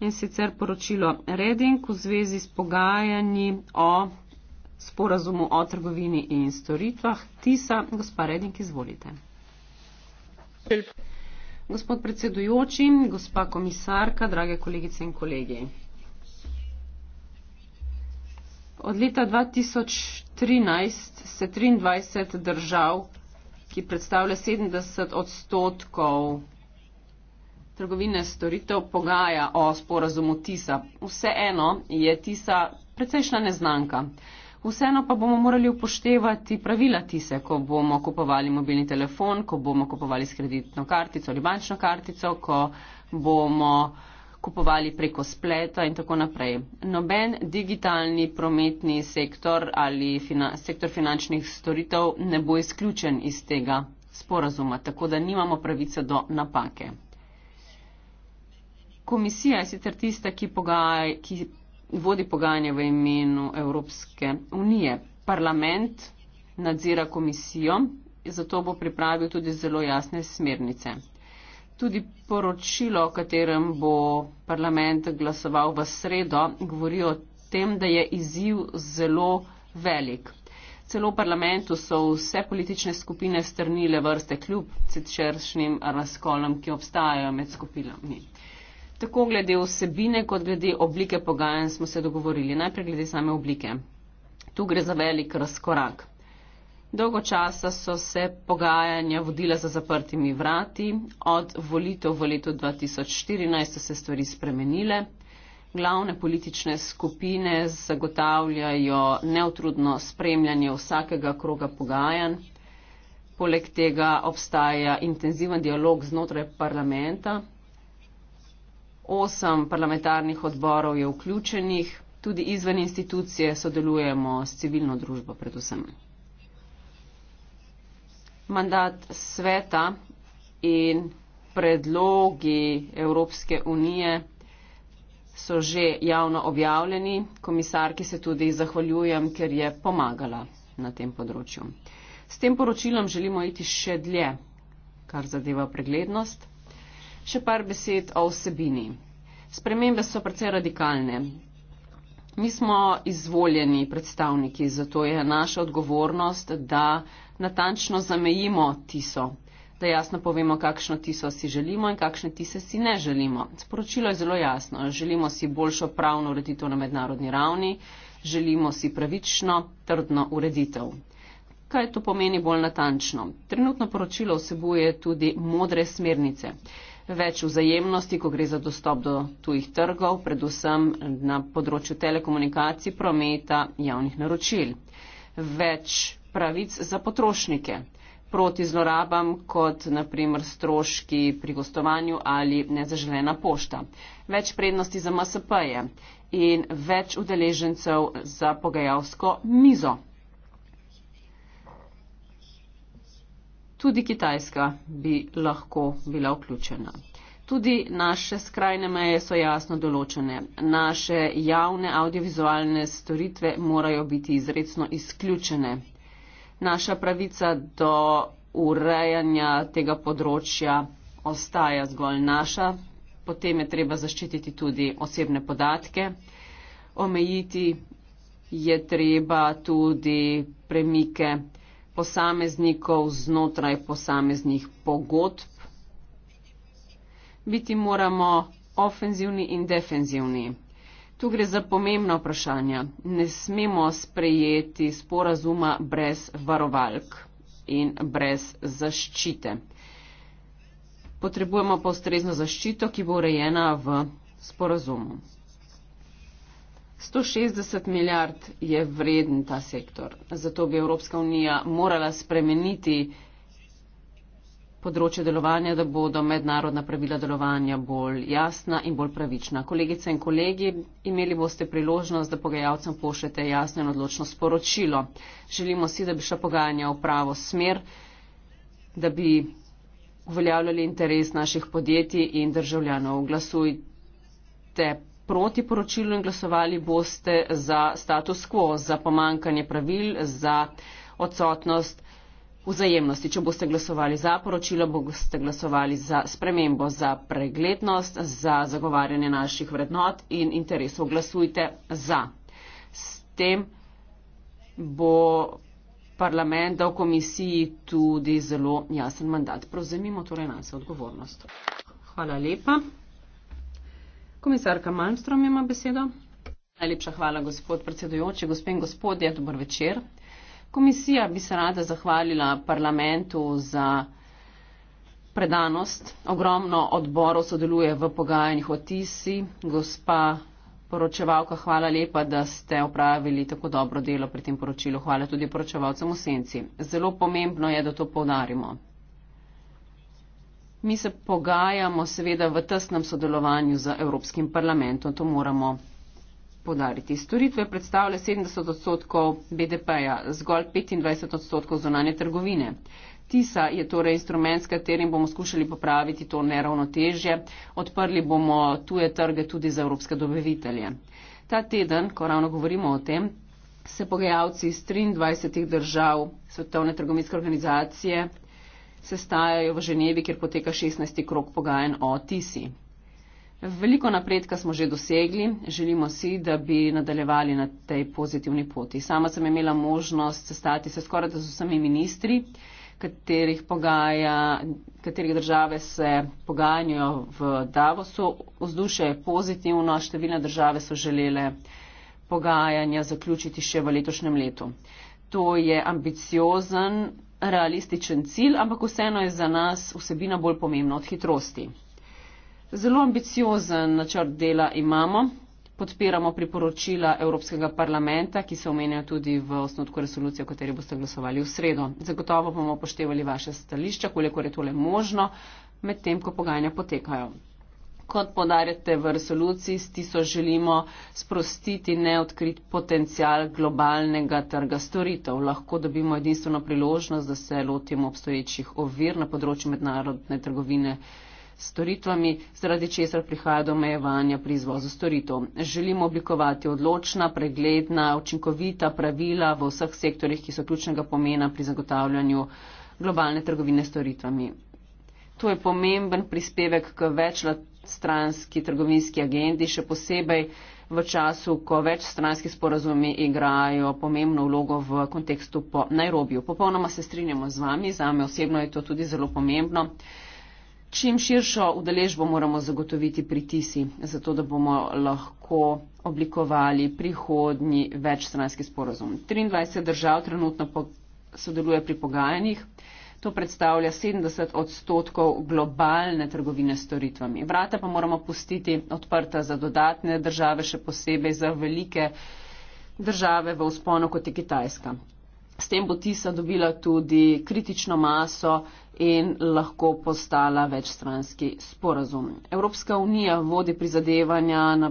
in sicer poročilo Reding v zvezi s pogajanji o sporazumu o trgovini in storitvah. Tisa, gospa Reding, izvolite. Gospod predsedujoči, gospa komisarka, drage kolegice in kolegi. Od leta 2013 se 23 držav, ki predstavlja 70 odstotkov trgovine storitev pogaja o sporazumu TISA. Vseeno je TISA precejšna neznanka. Vseeno pa bomo morali upoštevati pravila TISE, ko bomo kupovali mobilni telefon, ko bomo kupovali s kreditno kartico ali bančno kartico, ko bomo kupovali preko spleta in tako naprej. Noben digitalni prometni sektor ali fina sektor finančnih storitev ne bo izključen iz tega sporazuma, tako da nimamo pravice do napake komisija je sicer tista, ki, pogaj, ki vodi pogajanje v imenu Evropske unije. Parlament nadzira komisijo, zato bo pripravil tudi zelo jasne smernice. Tudi poročilo, o katerem bo parlament glasoval v sredo, govori o tem, da je izziv zelo velik. Celo v parlamentu so vse politične skupine strnile vrste kljub sečeršnim razkolom, ki obstajajo med skupinami. Tako glede osebine, kot glede oblike pogajanj smo se dogovorili. Najprej glede same oblike. Tu gre za velik razkorak. Dolgo časa so se pogajanja vodila za zaprtimi vrati, od volitev v letu 2014 so se stvari spremenile. Glavne politične skupine zagotavljajo neutrudno spremljanje vsakega kroga pogajanj. Poleg tega obstaja intenziven dialog znotraj parlamenta, Osem parlamentarnih odborov je vključenih, tudi izven institucije sodelujemo s civilno družbo predvsem. Mandat sveta in predlogi Evropske unije so že javno objavljeni. Komisarki se tudi zahvaljujem, ker je pomagala na tem področju. S tem poročilom želimo iti še dlje, kar zadeva preglednost. Še par besed o vsebini. Spremembe so precej radikalne. Mi smo izvoljeni predstavniki, zato je naša odgovornost, da natančno zamejimo tiso, da jasno povemo, kakšno tiso si želimo in kakšne tise si ne želimo. Sporočilo je zelo jasno. Želimo si boljšo pravno ureditev na mednarodni ravni, želimo si pravično, trdno ureditev. Kaj to pomeni bolj natančno? Trenutno poročilo vsebuje tudi modre smernice več vzajemnosti, ko gre za dostop do tujih trgov, predvsem na področju telekomunikacij, prometa, javnih naročil. Več pravic za potrošnike proti zlorabam, kot naprimer stroški pri gostovanju ali nezaželena pošta. Več prednosti za MSP-je in več udeležencev za pogajalsko mizo. Tudi Kitajska bi lahko bila vključena. Tudi naše skrajne meje so jasno določene. Naše javne audiovizualne storitve morajo biti izredno izključene. Naša pravica do urejanja tega področja ostaja zgolj naša. Potem je treba zaščititi tudi osebne podatke. Omejiti je treba tudi premike posameznikov znotraj posameznih pogodb. Biti moramo ofenzivni in defenzivni. Tu gre za pomembna vprašanja. Ne smemo sprejeti sporazuma brez varovalk in brez zaščite. Potrebujemo pa ustrezno zaščito, ki bo urejena v sporazumu. 160 milijard je vreden ta sektor. Zato bi Evropska unija morala spremeniti področje delovanja, da bodo mednarodna pravila delovanja bolj jasna in bolj pravična. Kolegice in kolegi, imeli boste priložnost, da pogajalcem pošljete jasno in odločno sporočilo. Želimo si, da bi šla pogajanja v pravo smer, da bi uveljavljali interes naših podjetij in državljanov. Glasujte proti poročilu in glasovali boste za status quo, za pomankanje pravil, za odsotnost vzajemnosti. Če boste glasovali za poročilo, boste glasovali za spremembo, za preglednost, za zagovarjanje naših vrednot in interesov. Glasujte za. S tem bo parlament dal komisiji tudi zelo jasen mandat. Prozemimo torej nas odgovornost. Hvala lepa. Komisarka Malmstrom ima besedo. Najlepša hvala, gospod predsedujoči. Gospen gospodje, dober večer. Komisija bi se rada zahvalila parlamentu za predanost. Ogromno odborov sodeluje v pogajanjih o TISI. Gospa poročevalka, hvala lepa, da ste opravili tako dobro delo pri tem poročilu. Hvala tudi poročevalcem v senci. Zelo pomembno je, da to povdarimo. Mi se pogajamo seveda v tesnem sodelovanju z Evropskim parlamentom, to moramo podariti. Storitve predstavlja 70 odstotkov BDP-ja, zgolj 25 odstotkov zonanje trgovine. TISA je torej instrument, s katerim bomo skušali popraviti to neravnotežje. Odprli bomo tuje trge tudi za evropske dobavitelje. Ta teden, ko ravno govorimo o tem, se pogajalci iz 23 držav Svetovne trgovinske organizacije sestajajo v Ženevi, kjer poteka 16. krok pogajen o TISI. Veliko napredka smo že dosegli, želimo si, da bi nadaljevali na tej pozitivni poti. Sama sem imela možnost sestati se skoraj z vsemi ministri, katerih, pogaja, katerih države se pogajanjajo v Davosu. Vzdušje je pozitivno, številne države so želele pogajanja zaključiti še v letošnjem letu. To je ambiciozen realističen cilj, ampak vseeno je za nas vsebina bolj pomembna od hitrosti. Zelo ambiciozen načrt dela imamo. Podpiramo priporočila Evropskega parlamenta, ki se omenjajo tudi v osnotku resolucije, o kateri boste glasovali v sredo. Zagotovo bomo poštevali vaše stališča, koliko je tole možno, medtem ko pogajanja potekajo kot podarjate v resoluciji, s tisto želimo sprostiti neodkrit potencial globalnega trga storitev. Lahko dobimo edinstveno priložnost, da se lotimo obstoječih ovir na področju mednarodne trgovine storitvami, zaradi česar prihaja do omejevanja pri izvozu storitev. Želimo oblikovati odločna, pregledna, učinkovita pravila v vseh sektorjih, ki so ključnega pomena pri zagotavljanju globalne trgovine storitvami. To je pomemben prispevek k večlat stranski trgovinski agendi, še posebej v času, ko več stranski sporazumi igrajo pomembno vlogo v kontekstu po Nairobiju. Popolnoma se strinjamo z vami, zame osebno je to tudi zelo pomembno. Čim širšo udeležbo moramo zagotoviti pri TISI, zato da bomo lahko oblikovali prihodnji večstranski sporozum. 23 držav trenutno sodeluje pri pogajanjih. To predstavlja 70 odstotkov globalne trgovine s storitvami. Vrata pa moramo pustiti odprta za dodatne države, še posebej za velike države v usponu kot je Kitajska. S tem bo TISA dobila tudi kritično maso in lahko postala večstranski sporazum. Evropska unija vodi prizadevanja na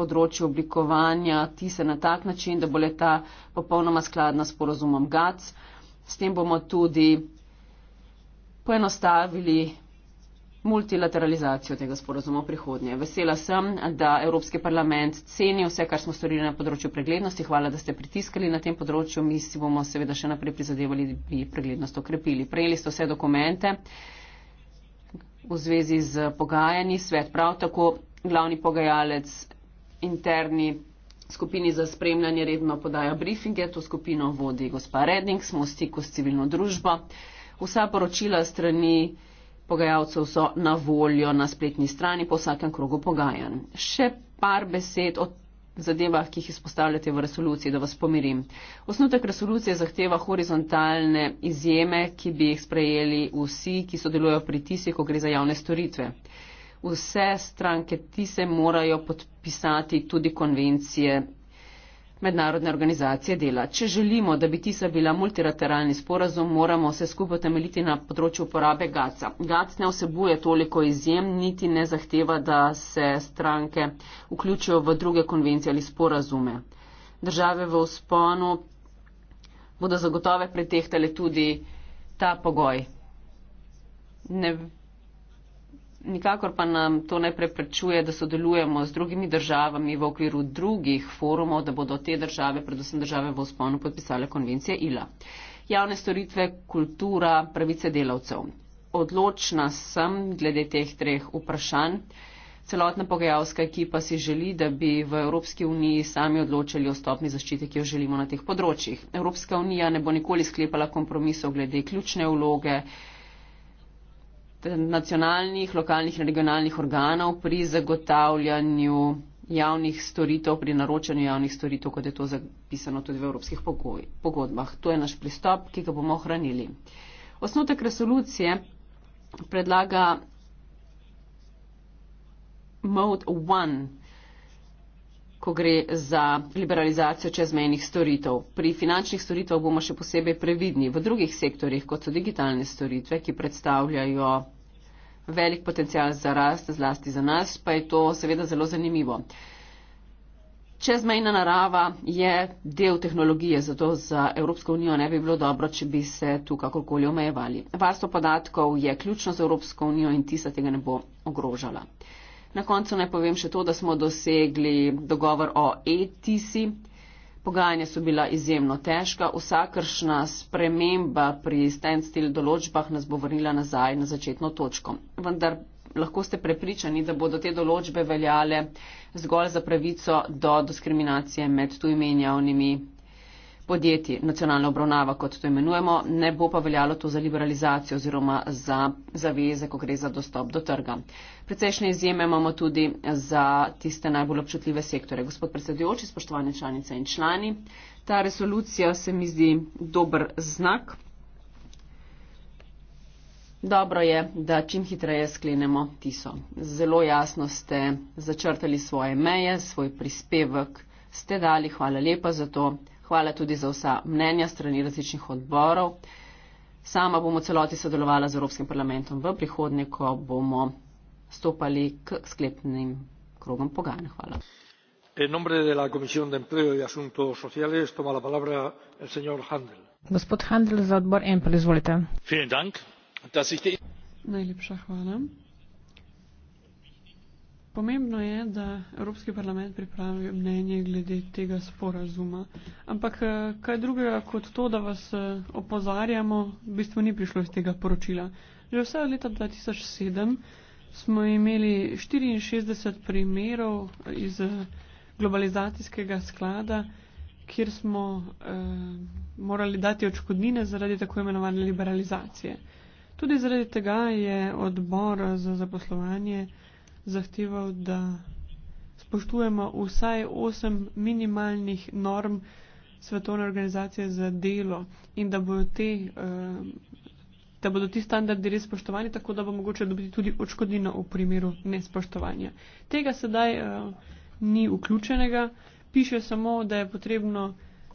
področju oblikovanja TISA na tak način, da bo leta popolnoma skladna s porazumom GATS. S tem bomo tudi poenostavili multilateralizacijo tega sporozuma v prihodnje. Vesela sem, da Evropski parlament ceni vse, kar smo storili na področju preglednosti. Hvala, da ste pritiskali na tem področju. Mi si bomo seveda še naprej prizadevali, da bi preglednost okrepili. Prejeli ste vse dokumente v zvezi z pogajanji. Svet prav tako glavni pogajalec interni Skupini za spremljanje redno podaja briefinge, to skupino vodi gospa Redding, smo v stiku s civilno družbo. Vsa poročila strani pogajalcev so na voljo na spletni strani po vsakem krogu pogajanj. Še par besed o zadevah, ki jih izpostavljate v resoluciji, da vas pomirim. Osnutek resolucije zahteva horizontalne izjeme, ki bi jih sprejeli vsi, ki sodelujo pri tisi, ko gre za javne storitve vse stranke, ti se morajo podpisati tudi konvencije mednarodne organizacije dela. Če želimo, da bi tisa bila multilateralni sporazum, moramo se skupaj temeljiti na področju uporabe GAC-a. GAC ne vsebuje toliko izjem, niti ne zahteva, da se stranke vključijo v druge konvencije ali sporazume. Države v usponu bodo zagotove pretehtale tudi ta pogoj. Ne Nikakor pa nam to ne preprečuje, da sodelujemo z drugimi državami v okviru drugih forumov, da bodo te države, predvsem države v osponu, podpisale konvencije ILA. Javne storitve, kultura, pravice delavcev. Odločna sem glede teh treh vprašanj. Celotna pogajalska ekipa si želi, da bi v Evropski uniji sami odločili o stopni zaščite, ki jo želimo na teh področjih. Evropska unija ne bo nikoli sklepala kompromisov glede ključne vloge nacionalnih, lokalnih in regionalnih organov pri zagotavljanju javnih storitev, pri naročanju javnih storitev, kot je to zapisano tudi v evropskih pogoj, pogodbah. To je naš pristop, ki ga bomo ohranili. Osnutek resolucije predlaga mode one ko gre za liberalizacijo čezmejnih storitev. Pri finančnih storitev bomo še posebej previdni. V drugih sektorjih, kot so digitalne storitve, ki predstavljajo velik potencial za rast, zlasti za nas, pa je to seveda zelo zanimivo. Čezmejna narava je del tehnologije, zato za Evropsko unijo ne bi bilo dobro, če bi se tu kakorkoli omejevali. Varstvo podatkov je ključno za Evropsko unijo in tisa tega ne bo ogrožala. Na koncu naj povem še to, da smo dosegli dogovor o ETC. Pogajanja so bila izjemno težka, vsakršna sprememba pri standstill določbah nas bo vrnila nazaj na začetno točko. Vendar lahko ste prepričani, da bodo te določbe veljale zgolj za pravico do diskriminacije med tujimi in javnimi podjetij. Nacionalna obravnava, kot to imenujemo, ne bo pa veljalo to za liberalizacijo oziroma za zaveze, ko gre za dostop do trga. Precejšnje izjeme imamo tudi za tiste najbolj občutljive sektore. Gospod predsedujoči, spoštovane članice in člani, ta resolucija se mi zdi dober znak. Dobro je, da čim hitreje sklenemo tiso. Zelo jasno ste začrtali svoje meje, svoj prispevek ste dali. Hvala lepa za to. Hvala tudi za vsa mnenja strani različnih odborov. Sama bom v celoti sodelovala z Evropskim parlamentom v prihodnje, ko bomo stopali k sklepnim krogom pogajanj. Hvala. Gospod Handel za odbor Empel, izvolite. Najlepša hvala. Pomembno je, da Evropski parlament pripravi mnenje glede tega sporazuma. Ampak eh, kaj drugega kot to, da vas eh, opozarjamo, v bistvu ni prišlo iz tega poročila. Že vse od leta 2007 smo imeli 64 primerov iz eh, globalizacijskega sklada, kjer smo eh, morali dati očkodnine zaradi tako imenovane liberalizacije. Tudi zaradi tega je odbor za zaposlovanje zahteval, da spoštujemo vsaj osem minimalnih norm svetovne organizacije za delo in da bodo, te, eh, da bodo ti standardi res spoštovani, tako da bo mogoče dobiti tudi očkodnino v primeru nespoštovanja. Tega sedaj eh, ni vključenega, piše samo, da je potrebno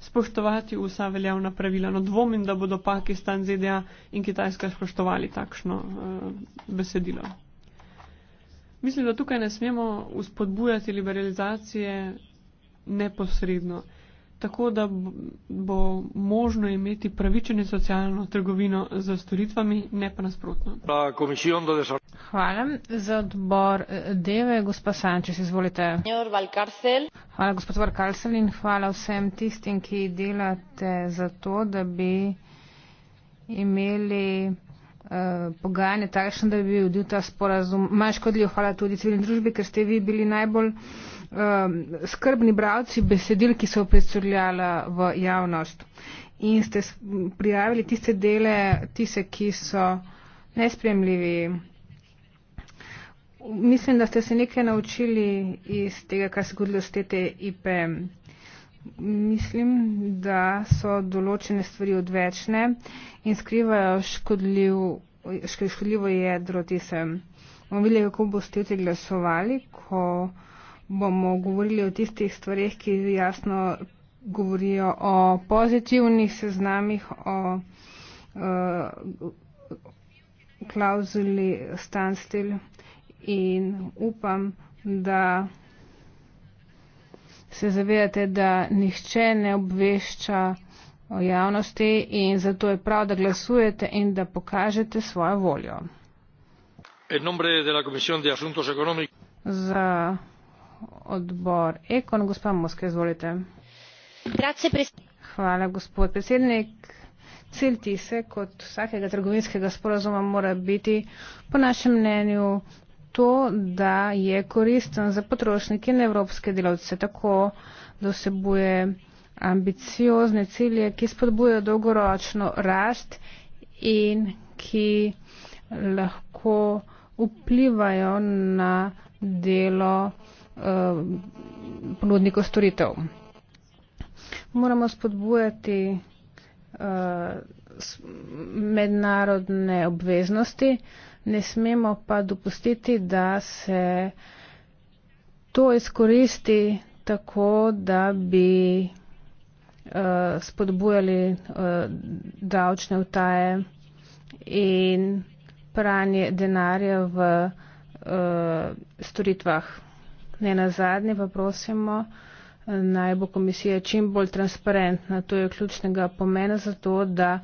spoštovati vsa veljavna pravila. No dvomim, da bodo Pakistan, ZDA in Kitajska spoštovali takšno uh, besedilo. Mislim, da tukaj ne smemo uspodbujati liberalizacije neposredno, tako da bo možno imeti pravičenje socialno trgovino za storitvami, ne pa nasprotno. Hvala za odbor eh, Deve, gospa Sančes, izvolite. Hvala, gospod Varkarsel in hvala vsem tistim, ki delate za to, da bi imeli. Eh, pogajanje takšno, da bi bil ta sporazum manj škodljiv, hvala tudi civilni družbi, ker ste vi bili najbolj eh, skrbni bravci besedil, ki so predstavljala v javnost. In ste prijavili tiste dele, tiste, ki so nespremljivi. Mislim, da ste se nekaj naučili iz tega, kar se godilo s TTIP-em mislim, da so določene stvari odvečne in skrivajo škodljiv, škodljivo jedro tise. Bomo videli, kako boste tudi glasovali, ko bomo govorili o tistih stvarih, ki jasno govorijo o pozitivnih seznamih, o uh, klauzuli standstill in upam, da se zavedate, da nihče ne obvešča o javnosti in zato je prav, da glasujete in da pokažete svojo voljo. Za odbor Ekon, gospa Moske, izvolite. Hvala, gospod predsednik. Cilj tise, kot vsakega trgovinskega sporazuma, mora biti po našem mnenju to, da je koristen za potrošnike in evropske delavce. Tako dosebuje ambiciozne cilje, ki spodbujajo dolgoročno rast in ki lahko vplivajo na delo eh, ponudnikov storitev. Moramo spodbujati eh, mednarodne obveznosti, eh, ne smemo pa dopustiti, da se to izkoristi tako, da bi uh, spodbujali uh, davčne vtaje in pranje denarja v uh, storitvah. Ne na zadnje pa prosimo, naj bo komisija čim bolj transparentna. To je ključnega pomena za to, da uh,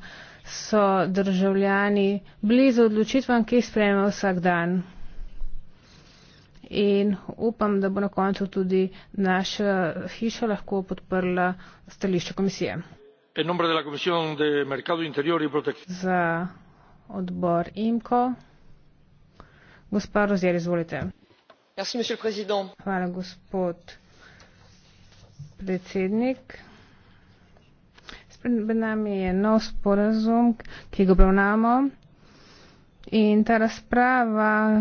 so državljani blizu odločitvam, ki jih sprejemajo vsak dan. In upam, da bo na koncu tudi naša hiša lahko podprla stališče komisije. Za odbor IMKO. Gospa Rozier, izvolite. Hvala, gospod predsednik pred nami je nov sporazum, ki ga obravnamo in ta razprava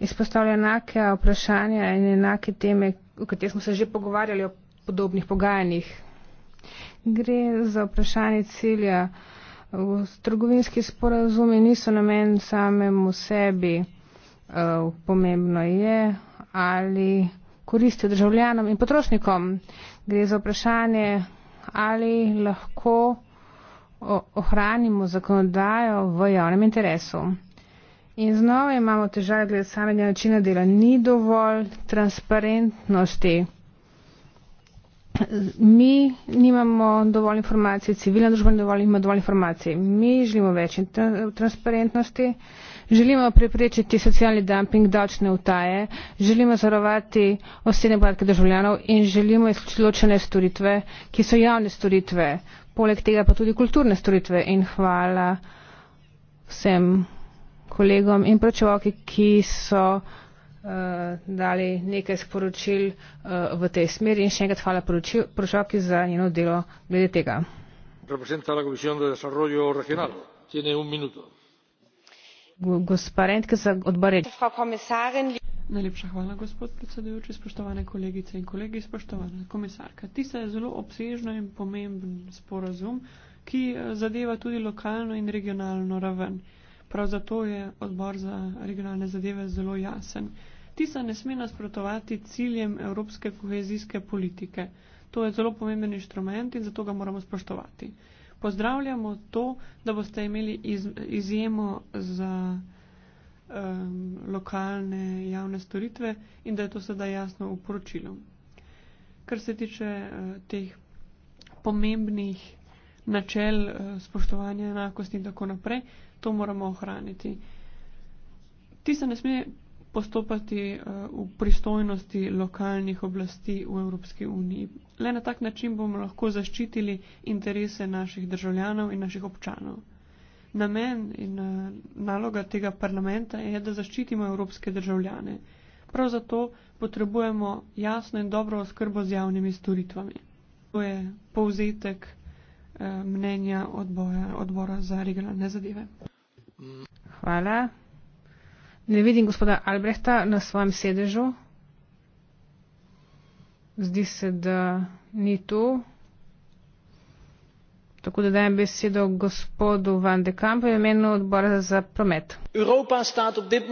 izpostavlja enake vprašanja in enake teme, o katerih smo se že pogovarjali o podobnih pogajanjih. Gre za vprašanje cilja. Trgovinski sporazumi niso namen samemu sebi. Eh, pomembno je, ali koristijo državljanom in potrošnikom. Gre za vprašanje ali lahko ohranimo zakonodajo v javnem interesu. In znova imamo težave glede samega načina dela. Ni dovolj transparentnosti. Mi nimamo dovolj informacij, civilna družba ne dovolj, ima dovolj informacij. Mi želimo več transparentnosti želimo preprečiti socialni dumping davčne utaje želimo zavarovati osebne podatke državljanov in želimo izključiti ločene storitve ki so javne storitve poleg tega pa tudi kulturne storitve in hvala vsem kolegom in pročevalki ki so eh, dali nekaj sporočil eh, v tej smeri in še enkrat hvala prošavki za njeno delo glede tega. Najlepša hvala, gospod predsedujoči, spoštovane kolegice in kolegi, spoštovana komisarka. Tisa je zelo obsežno in pomemben sporazum, ki eh, zadeva tudi lokalno in regionalno raven. Prav zato je odbor za regionalne zadeve zelo jasen. Tisa ne sme nasprotovati ciljem evropske kohezijske politike. To je zelo pomemben inštrument in zato ga moramo spoštovati pozdravljamo to, da boste imeli iz, izjemo za um, lokalne javne storitve in da je to sedaj jasno v poročilu. Kar se tiče uh, teh pomembnih načel uh, spoštovanja enakosti in tako naprej, to moramo ohraniti. Ti se ne sme postopati uh, v pristojnosti lokalnih oblasti v Evropski uniji. Le na tak način bomo lahko zaščitili interese naših državljanov in naših občanov. Namen in uh, naloga tega parlamenta je, da zaščitimo evropske državljane. Prav zato potrebujemo jasno in dobro oskrbo z javnimi storitvami. To je povzetek uh, mnenja odboja, odbora za regionalne zadeve. Hvala. Ne vidim gospoda Albrehta na svojem sedežu. Zdi se, da ni tu. Tako da dajem besedo gospodu Van de Kamp v imenu odbora za promet. Evropa sta v tem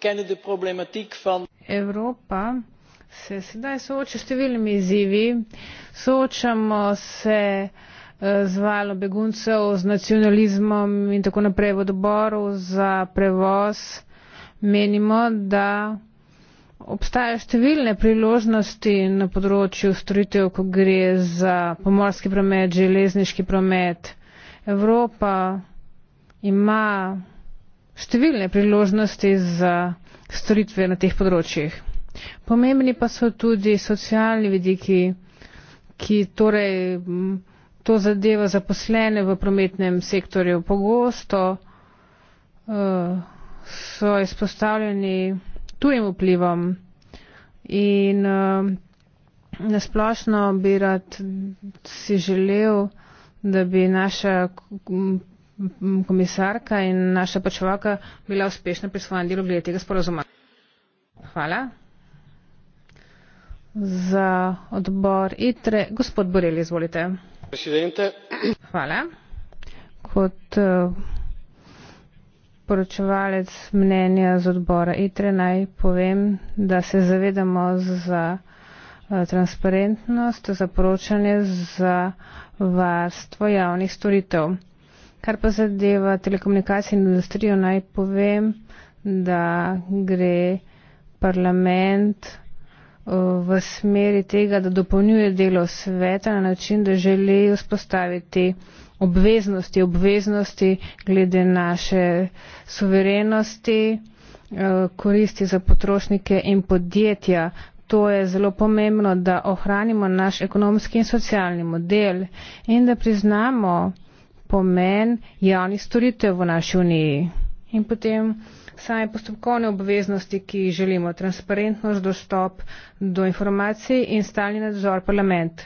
trenutku pred velikimi izzivi. Evropa se sedaj sooča s številnimi izzivi. Soočamo se uh, z valom beguncev, z nacionalizmom in tako naprej v odboru za prevoz, menimo, da obstajajo številne priložnosti na področju storitev, ko gre za pomorski promet, železniški promet. Evropa ima številne priložnosti za storitve na teh področjih. Pomembni pa so tudi socialni vidiki, ki torej to zadeva zaposlene v prometnem sektorju. Pogosto uh, so izpostavljeni tujim vplivom in uh, eh, nasplošno bi rad si želel, da bi naša mm, komisarka in naša pačevalka bila uspešna pri svojem delu glede tega sporozuma. Hvala. Za odbor ITRE, gospod Borel, izvolite kot eh, poročevalec mnenja z odbora ITRE naj povem, da se zavedamo za eh, transparentnost, za poročanje, za varstvo javnih storitev. Kar pa zadeva telekomunikacijo in industrijo, naj povem, da gre parlament Eh, v smeri tega, da dopolnjuje delo sveta na način, da želi vzpostaviti obveznosti, obveznosti glede naše suverenosti, eh, koristi za potrošnike in podjetja. To je zelo pomembno, da ohranimo naš ekonomski in socialni model in da priznamo pomen javnih storitev v naši uniji. In potem same postopkovne obveznosti, ki jih želimo, transparentnost, dostop do informacij in stalni nadzor parlament.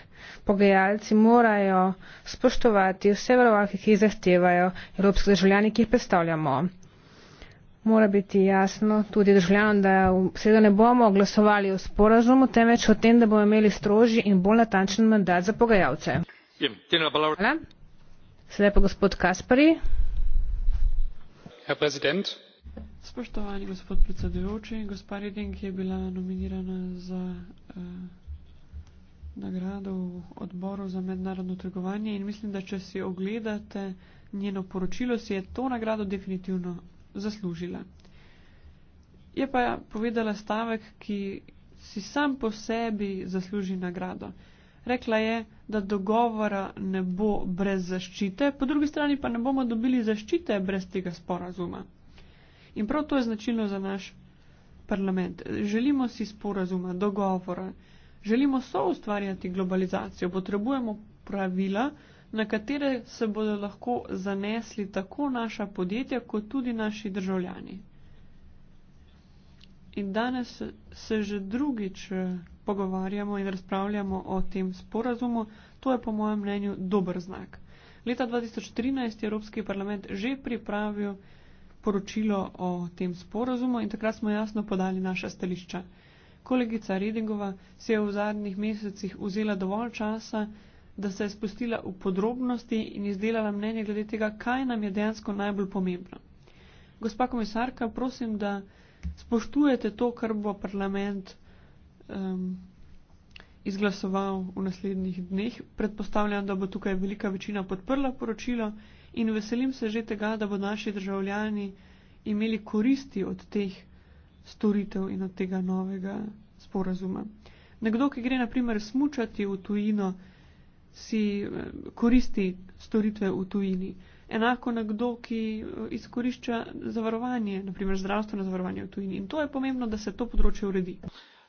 Pogajalci morajo spoštovati vse varovalke, ki jih zahtevajo evropski državljani, ki jih predstavljamo. Mora biti jasno tudi državljanom, da seveda ne bomo glasovali o sporazumu, temveč o tem, da bomo imeli strožji in bolj natančen mandat za pogajalce. Hvala. Sedaj pa gospod Kaspari. Herr Präsident, Spoštovani gospod predsedujoči, gospa Reden, ki je bila nominirana za eh, nagrado v odboru za mednarodno trgovanje in mislim, da če si ogledate njeno poročilo, si je to nagrado definitivno zaslužila. Je pa povedala stavek, ki si sam po sebi zasluži nagrado. Rekla je, da dogovora ne bo brez zaščite, po drugi strani pa ne bomo dobili zaščite brez tega sporazuma. In prav to je značilno za naš parlament. Želimo si sporazuma, dogovora, želimo so ustvarjati globalizacijo, potrebujemo pravila, na katere se bodo lahko zanesli tako naša podjetja, kot tudi naši državljani. In danes se že drugič eh, pogovarjamo in razpravljamo o tem sporazumu. To je po mojem mnenju dober znak. Leta 2013 je Evropski parlament že pripravil poročilo o tem sporazumu in takrat smo jasno podali naša stališča. Kolegica Redingova se je v zadnjih mesecih vzela dovolj časa, da se je spustila v podrobnosti in izdelala mnenje glede tega, kaj nam je dejansko najbolj pomembno. Gospa komisarka, prosim, da spoštujete to, kar bo parlament um, izglasoval v naslednjih dneh. Predpostavljam, da bo tukaj velika večina podprla poročilo in veselim se že tega, da bo naši državljani imeli koristi od teh storitev in od tega novega sporazuma. Nekdo, ki gre naprimer smučati v tujino, si eh, koristi storitve v tujini. Enako nekdo, ki eh, izkorišča zavarovanje, naprimer zdravstveno zavarovanje v tujini. In to je pomembno, da se to področje uredi.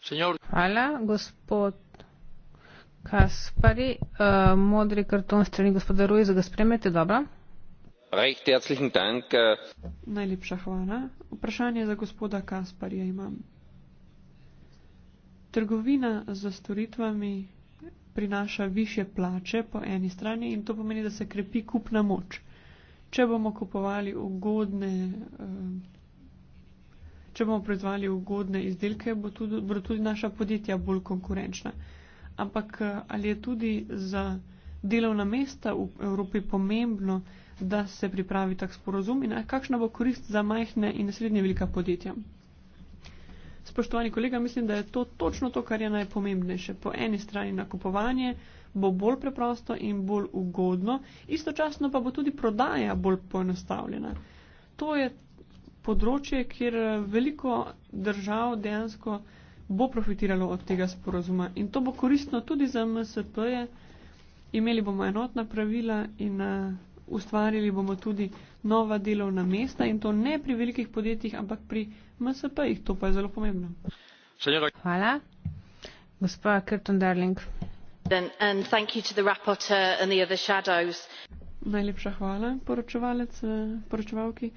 Senjor. Hvala, gospod Kaspari. Uh, modri karton strani gospoda Rujza, ga spremete, dobro? Recht herzlichen Dank. Äh. Najlepša hvala. Vprašanje za gospoda Kasparja imam. Trgovina za storitvami prinaša više plače po eni strani in to pomeni, da se krepi kupna moč. Če bomo kupovali ugodne, eh, če bomo proizvali ugodne izdelke, bo tudi, bodo tudi naša podjetja bolj konkurenčna. Ampak eh, ali je tudi za delovna mesta v Evropi pomembno, da se pripravi tak sporozum in kakšna bo korist za majhne in srednje velika podjetja. Spoštovani kolega, mislim, da je to točno to, kar je najpomembnejše. Po eni strani nakupovanje bo bolj preprosto in bolj ugodno, istočasno pa bo tudi prodaja bolj poenostavljena. To je področje, kjer eh, veliko držav dejansko bo profitiralo od tega sporozuma in to bo koristno tudi za MSP-je, imeli bomo enotna pravila in uh, ustvarili bomo tudi nova delovna mesta in to ne pri velikih podjetjih, ampak pri MSP-jih. To pa je zelo pomembno. Senjora. Hvala. Gospa Kirton Darling. Najlepša hvala poročevalec, eh, poročevalki.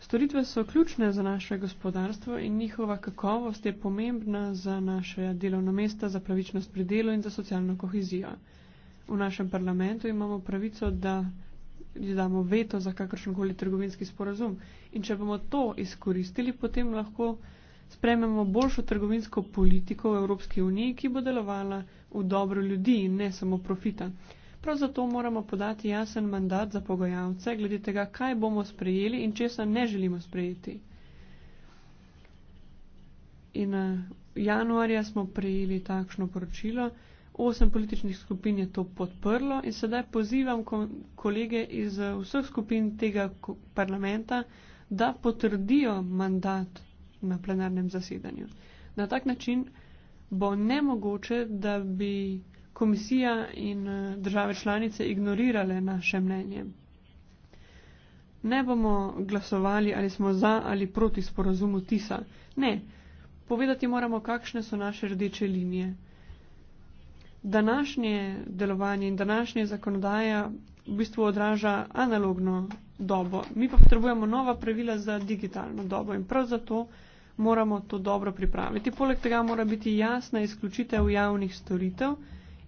Storitve so ključne za naše gospodarstvo in njihova kakovost je pomembna za naše delovno mesto, za pravičnost pri delu in za socialno kohezijo v našem parlamentu imamo pravico, da izdamo veto za kakršenkoli trgovinski sporazum. In če bomo to izkoristili, potem lahko sprememo boljšo trgovinsko politiko v Evropski uniji, ki bo delovala v dobro ljudi in ne samo profita. Prav zato moramo podati jasen mandat za pogojavce, glede tega, kaj bomo sprejeli in česa ne želimo sprejeti. In uh, januarja smo prejeli takšno poročilo, uh, Osem političnih skupin je to podprlo in sedaj pozivam kolege iz eh, vseh skupin tega parlamenta, da potrdijo mandat na plenarnem zasedanju. Na tak način bo nemogoče, da bi komisija in eh, države članice ignorirale naše mnenje. Ne bomo glasovali, ali smo za ali proti sporazumu TISA. Ne, povedati moramo, kakšne so naše rdeče linije današnje delovanje in današnje zakonodaja v bistvu odraža analogno dobo. Mi pa potrebujemo nova pravila za digitalno dobo in prav zato moramo to dobro pripraviti. Poleg tega mora biti jasna izključitev javnih storitev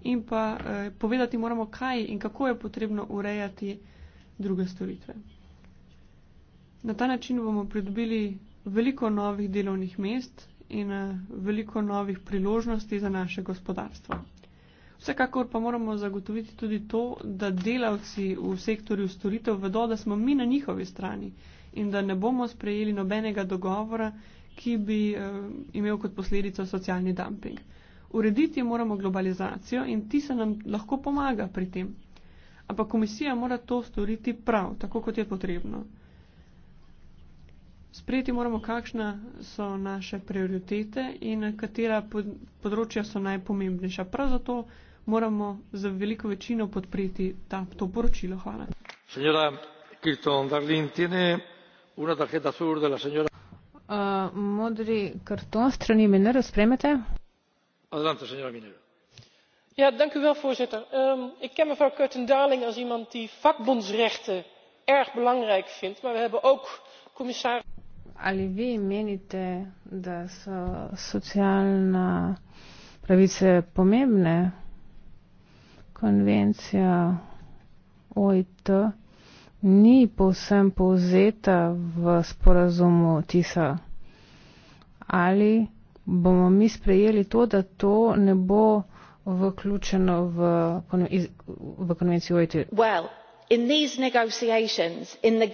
in pa eh, povedati moramo, kaj in kako je potrebno urejati druge storitve. Na ta način bomo pridobili veliko novih delovnih mest in eh, veliko novih priložnosti za naše gospodarstvo. Vsekakor pa moramo zagotoviti tudi to, da delavci v sektorju storitev vedo, da smo mi na njihovi strani in da ne bomo sprejeli nobenega dogovora, ki bi eh, imel kot posledico socialni dumping. Urediti moramo globalizacijo in ti se nam lahko pomaga pri tem. Ampak komisija mora to storiti prav, tako kot je potrebno. Sprejeti moramo, kakšna so naše prioritete in katera področja so najpomembnejša. Prav zato moramo za veliko večino podpreti ta, to poročilo. Hvala. Uh, modri karton strani minero spremete. Ja, dank u wel, voorzitter. Um, ik ken mevrouw Curtin-Darling als iemand die vakbondsrechten erg belangrijk vindt, maar we hebben ook commissaris. Ali vi menite, da so socialne pravice pomembne? konvencija OIT ni povsem povzeta v sporazumu TISA. Ali bomo mi sprejeli to, da to ne bo vključeno v, v konvencijo OIT? Well,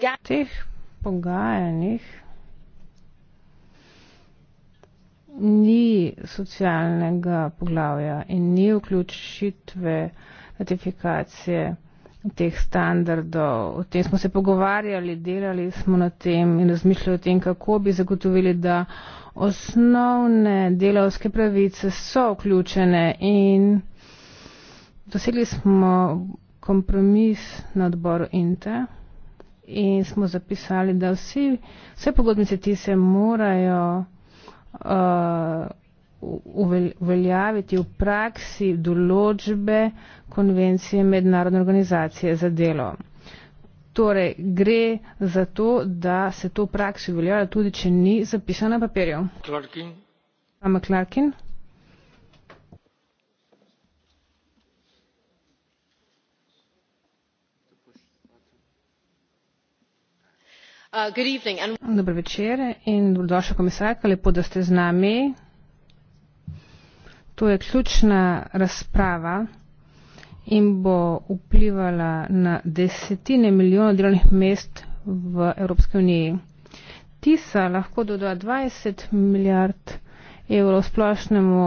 v teh pogajanjih ni socialnega poglavja in ni vključitve ratifikacije teh standardov. O tem smo se pogovarjali, delali smo na tem in razmišljali o tem, kako bi zagotovili, da osnovne delavske pravice so vključene in dosegli smo kompromis na odboru INTE in smo zapisali, da vsi, vse pogodnice ti se morajo Uh, uveljaviti v praksi določbe konvencije mednarodne organizacije za delo. Torej, gre za to, da se to v praksi uveljavlja tudi, če ni zapisano na papirju. Klarkin. Ama Klarkin. Uh, Dober večer in dobrodošla komisarka, lepo, da ste z nami. To je ključna razprava in bo vplivala na desetine milijonov delovnih mest v Evropske uniji. TISA lahko doda 20 milijard evrov splošnemu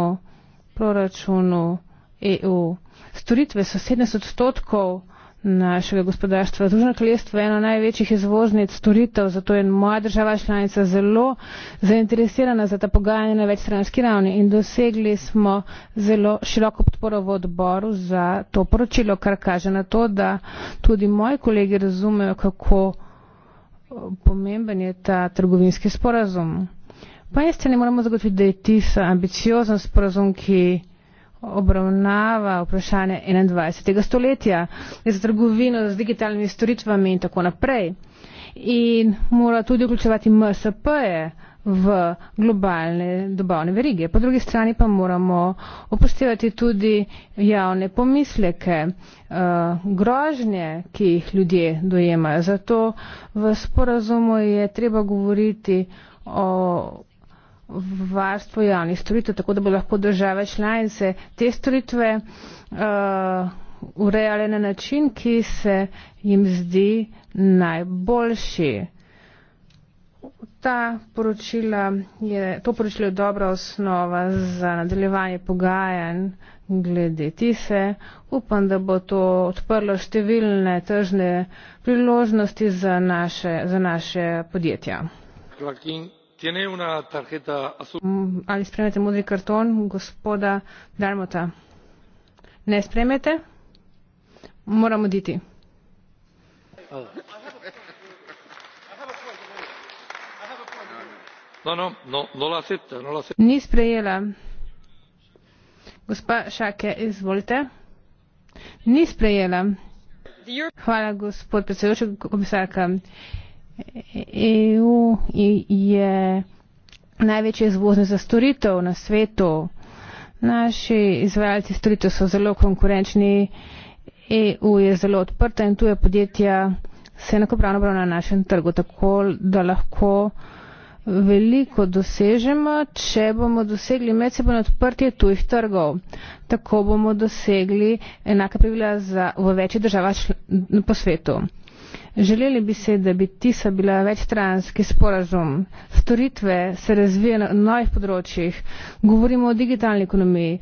proračunu EU. Storitve so 70 odstotkov našega gospodarstva. Združeno kraljestvo je eno največjih izvoznic storitev, zato je moja država članica zelo zainteresirana za ta pogajanja na večstranski ravni in dosegli smo zelo široko podporo v odboru za to poročilo, kar kaže na to, da tudi moji kolegi razumejo, kako eh, pomemben je ta trgovinski sporazum. Po eni strani moramo zagotoviti, da je tisa ambiciozen sporazum, ki obravnava vprašanje 21. stoletja za trgovino z digitalnimi storitvami in tako naprej. In mora tudi vključevati MSP-je v globalne dobavne verige. Po drugi strani pa moramo upoštevati tudi javne pomisleke, eh, grožnje, ki jih ljudje dojemajo. Zato v sporazumu je treba govoriti o varstvo javnih storitev, tako da bo lahko države članice te storitve uh, urejale na način, ki se jim zdi najboljši. Poročila je, to poročilo je dobra osnova za nadaljevanje pogajanj glede tise. Upam, da bo to odprlo številne tržne priložnosti za naše, za naše podjetja. Klakin. Mm, ali sprejmete modri karton gospoda Darmota? Ne sprejmete? Moramo diti. No, no, no, no la acepta, no la acepta. Ni sprejela. Gospa Šake, izvolite. Ni sprejela. Hvala, gospod predsedujoči komisarka. EU e je največja izvoznica storitev na svetu. Naši izvajalci storitev so zelo konkurenčni, EU je zelo odprta in tuje podjetja se enakopravno obravnajo na našem trgu, tako da lahko veliko dosežemo, če bomo dosegli medsebojno odprtje tujih trgov. Tako bomo dosegli enaka pravila v večjih državah po svetu. Želeli bi se, da bi TISA bila večstranski sporazum. Storitve se razvijajo na novih področjih. Govorimo o digitalni ekonomiji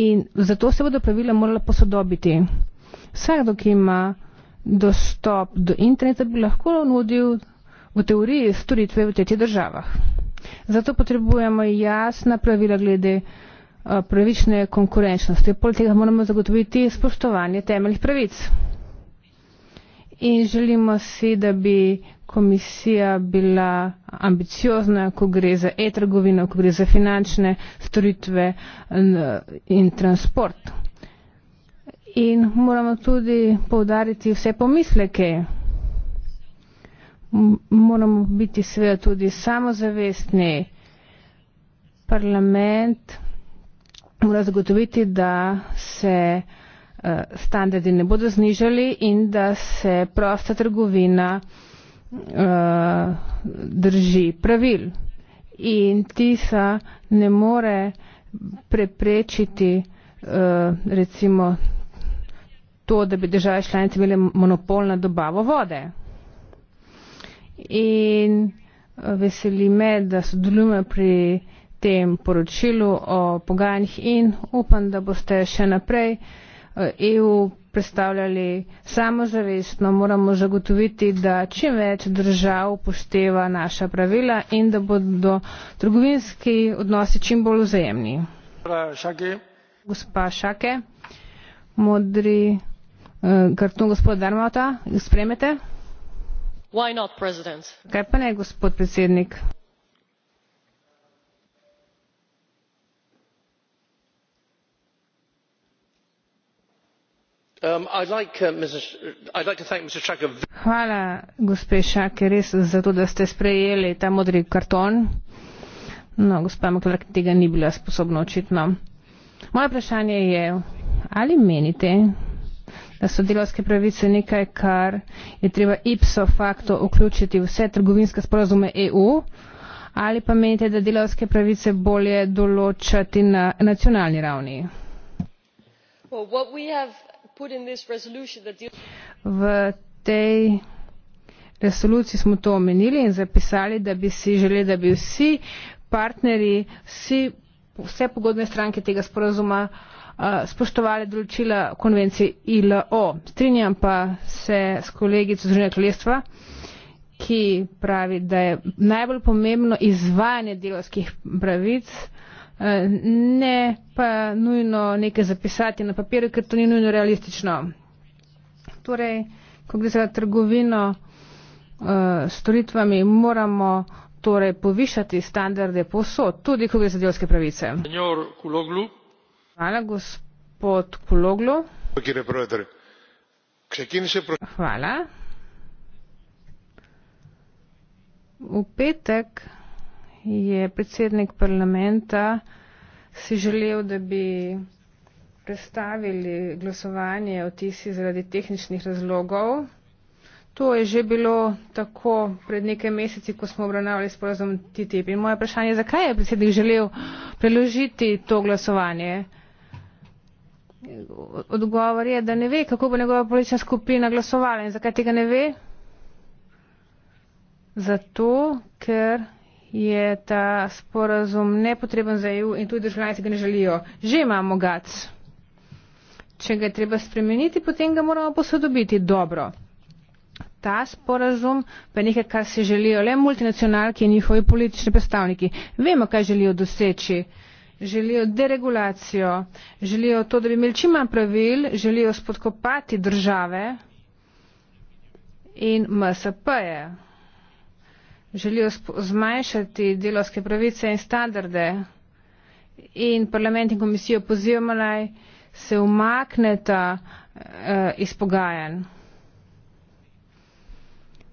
in zato se bodo pravila morala posodobiti. Vsakdo, ki ima dostop do interneta, bi lahko nudil v teoriji storitve v tretjih državah. Zato potrebujemo jasna pravila glede eh, pravične konkurenčnosti. Poleg tega moramo zagotoviti spoštovanje temeljih pravic in želimo si, da bi komisija bila ambiciozna, ko gre za e-trgovino, ko gre za finančne storitve in transport. In moramo tudi povdariti vse pomisleke. Moramo biti seveda tudi samozavestni. Parlament mora zagotoviti, da se. Eh, standardi ne bodo znižali in da se prosta trgovina eh, drži pravil. In tisa ne more preprečiti eh, recimo to, da bi države članice imeli monopol na dobavo vode. In veseli me, da sodelujemo pri tem poročilu o pogajanjih in upam, da boste še naprej uh, EU eh, e predstavljali samozavestno, moramo zagotoviti, da čim več držav upošteva naša pravila in da bodo trgovinski odnosi čim bolj vzajemni. Gospa Šake, modri eh, karton gospod Darmota, spremete? Kaj pa ne, gospod predsednik? Um, uh, hvala gospe schaake res za to da ste sprejeli ta modri karton no gospa mcclarkin tega ni bila sposobna očitno moje vprašanje je ali menite da so delavske pravice nekaj kar je treba ipso facto vključiti v vse trgovinske sporazume eu ali pa menite da delavske pravice bolje določati na nacionalni ravni V tej resoluciji smo to omenili in zapisali, da bi si želeli, da bi vsi partnerji, vsi, vse pogodne stranke tega sporazuma spoštovali določila konvencije ILO. Strinjam pa se s kolegico Združenja kraljestva, ki pravi, da je najbolj pomembno izvajanje delovskih pravic, Eh, ne pa nujno nekaj zapisati na papirju, ker to ni nujno realistično. Torej, ko gre za trgovino eh, s storitvami, moramo torej povišati standarde posod, tudi ko gre za delske pravice. Hvala, gospod Kuloglu. Hvala. V petek je predsednik parlamenta si želel, da bi predstavili glasovanje o tisi zaradi tehničnih razlogov. To je že bilo tako pred nekaj meseci, ko smo obravnavali sporozum TTIP. In moje vprašanje je, zakaj je predsednik želel preložiti to glasovanje? Odgovor je, da ne ve, kako bo njegova politična skupina glasovala in zakaj tega ne ve. Zato, ker je ta sporazum nepotreben za EU in tudi državljani se ga ne želijo. Že imamo GAC. Če ga je treba spremeniti, potem ga moramo posodobiti dobro. Ta sporazum pa je nekaj, kar se želijo le multinacionalke in njihovi politični predstavniki. Vemo, kaj želijo doseči. Želijo deregulacijo, želijo to, da bi imeli čim manj pravil, želijo spodkopati države in MSP-je želijo zmanjšati delovske pravice in standarde. In parlament in komisijo pozivamo naj se umakneta eh, iz pogajanj.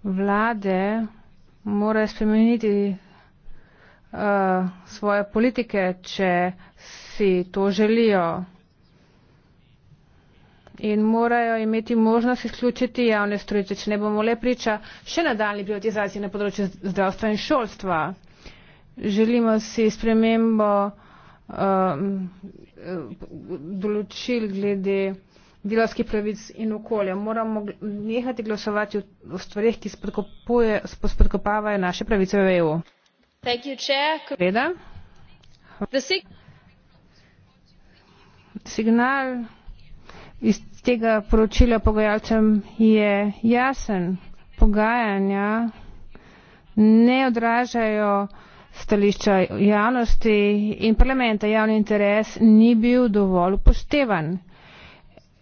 Vlade morajo spremeniti eh, svoje politike, če si to želijo in morajo imeti možnost izključiti javne storitve, če ne bomo le priča še nadaljni privatizaciji na področju zdravstva in šolstva. Želimo si spremembo uh, določil glede delovskih pravic in okolja. Moramo nehati glasovati o stvarih, ki spodkopavajo naše pravice v EU. You, Reda. Signal iz tega poročila pogajalcem je jasen. Pogajanja ne odražajo stališča javnosti in parlamenta. Javni interes ni bil dovolj upoštevan.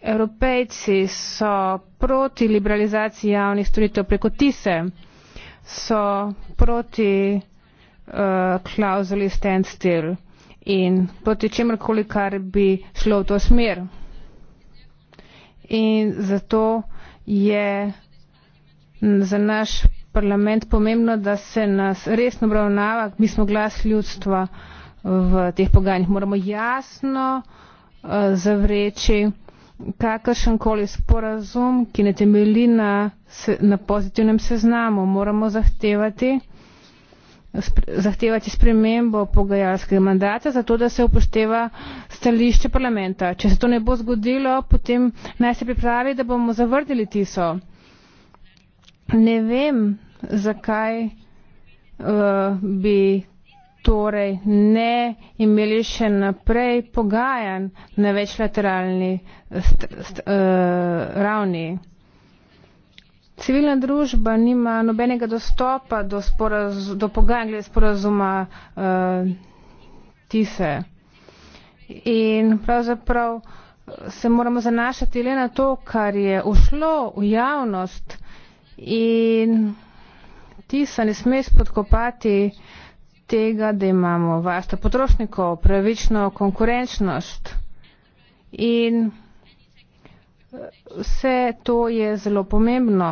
Evropejci so proti liberalizaciji javnih storitev preko tise, so proti uh, eh, klauzuli standstill in proti čemrkoli, kar bi šlo v to smer in zato je za naš parlament pomembno, da se nas resno obravnava, mi smo glas ljudstva v teh pogajanjih. Moramo jasno uh, zavreči kakršenkoli sporazum, ki ne temeli na, na pozitivnem seznamu. Moramo zahtevati, zahtevati spremembo pogajalskega mandata, zato da se upošteva stališče parlamenta. Če se to ne bo zgodilo, potem naj se pripravi, da bomo zavrnili tiso. Ne vem, zakaj uh, bi torej ne imeli še naprej pogajanj na večlateralni st st uh, ravni civilna družba nima nobenega dostopa do, sporaz, do pogajanj glede sporazuma uh, TISE. In pravzaprav eh, se moramo zanašati le na to, kar je ušlo v javnost in TISA ne sme spodkopati tega, da imamo vasta potrošnikov, pravično konkurenčnost. In Vse to je zelo pomembno.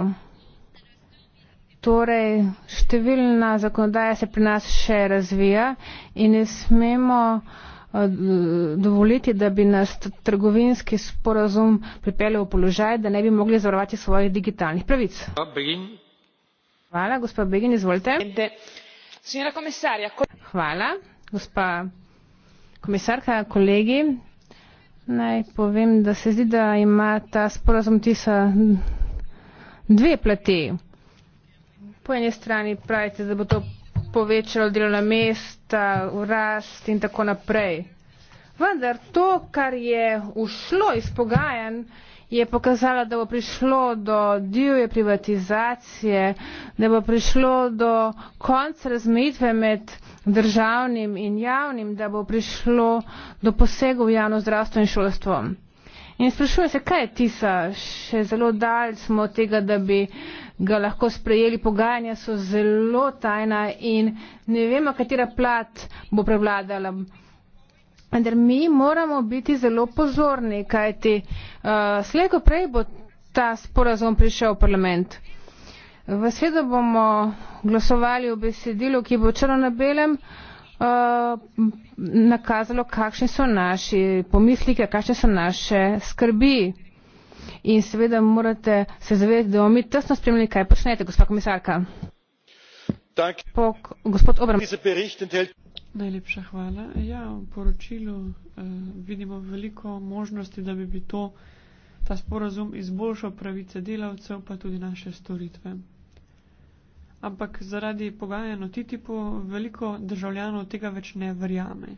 Torej, številna zakonodaja se pri nas še razvija in ne smemo eh, dovoliti, da bi nas trgovinski sporazum pripeljal v položaj, da ne bi mogli zavarovati svojih digitalnih pravic. Hvala, gospa Begin, izvolite. Hvala, gospa komisarka, kolegi. Naj povem, da se zdi, da ima ta sporozum tisa dve plati. Po eni strani pravite, da bo to povečalo delovna mesta, rast in tako naprej. Vendar to, kar je ušlo iz pogajanj, je pokazala, da bo prišlo do divje privatizacije, da bo prišlo do konca razmejitve med državnim in javnim, da bo prišlo do posega v javno zdravstvo in šolstvo. In sprašujem se, kaj je tisa? Še zelo dalj smo od tega, da bi ga lahko sprejeli. Pogajanja so zelo tajna in ne vemo, katera plat bo prevladala. Vendar mi moramo biti zelo pozorni, kajti uh, eh, slejko prej bo ta sporazum prišel v parlament. V sredo bomo glasovali v besedilu, ki bo črno na belem uh, nakazalo, kakšni so naši pomisliki, kakšne so naše skrbi. In seveda morate se zavedati, da bomo mi tesno spremljali, kaj počnete, gospod komisarka. Tak, Pok, gospod Obram. Najlepša hvala. Ja, v poročilu eh, vidimo veliko možnosti, da bi to, ta sporazum izboljšal pravice delavcev, pa tudi naše storitve. Ampak zaradi pogajanj o TTIP-u veliko državljanov tega več ne verjame.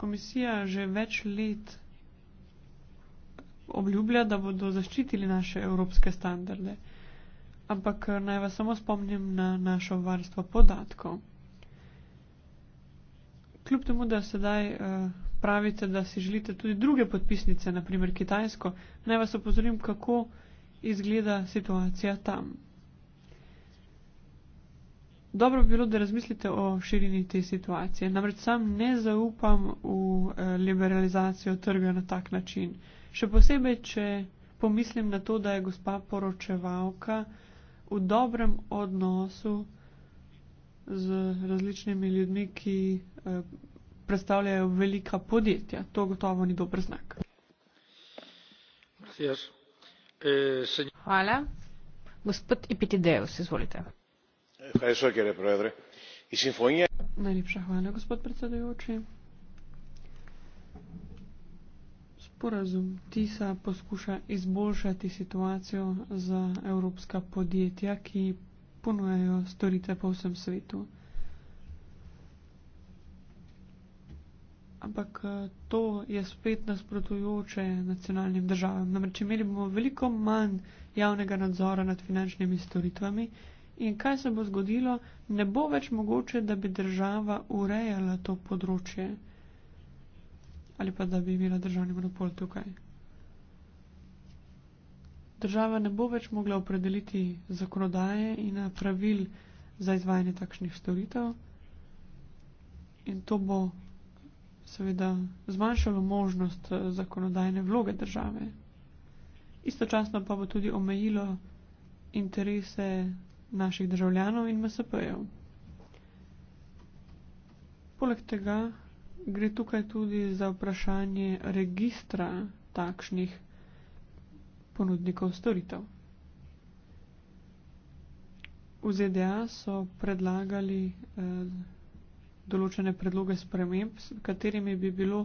Komisija že več let obljublja, da bodo zaščitili naše evropske standarde ampak eh, naj vas samo spomnim na našo varstvo podatkov. Kljub temu, da sedaj eh, pravite, da si želite tudi druge podpisnice, naprimer Kitajsko, naj vas opozorim, kako izgleda situacija tam. Dobro bi bilo, da razmislite o širini te situacije. Namreč sam ne zaupam v eh, liberalizacijo trga na tak način. Še posebej, če pomislim na to, da je gospa poročevalka v dobrem odnosu z različnimi ljudmi, ki eh, predstavljajo velika podjetja. To gotovo ni dober znak. Eh, hvala. Gospod Epitideus, izvolite. Najlepša hvala, gospod predsedujoči. sporazum TISA poskuša izboljšati situacijo za evropska podjetja, ki ponujajo storitve po vsem svetu. Ampak eh, to je spet nasprotujoče nacionalnim državam. Namreč imeli bomo veliko manj javnega nadzora nad finančnimi storitvami. In kaj se bo zgodilo? Ne bo več mogoče, da bi država urejala to področje ali pa da bi imela državni monopol tukaj. Država ne bo več mogla opredeliti zakonodaje in eh, pravil za izvajanje takšnih storitev in to bo seveda zmanjšalo možnost eh, zakonodajne vloge države. Istočasno pa bo tudi omejilo interese naših državljanov in MSP-jev. Poleg tega gre tukaj tudi za vprašanje registra takšnih ponudnikov storitev. V ZDA so predlagali eh, določene predloge sprememb, s katerimi bi bilo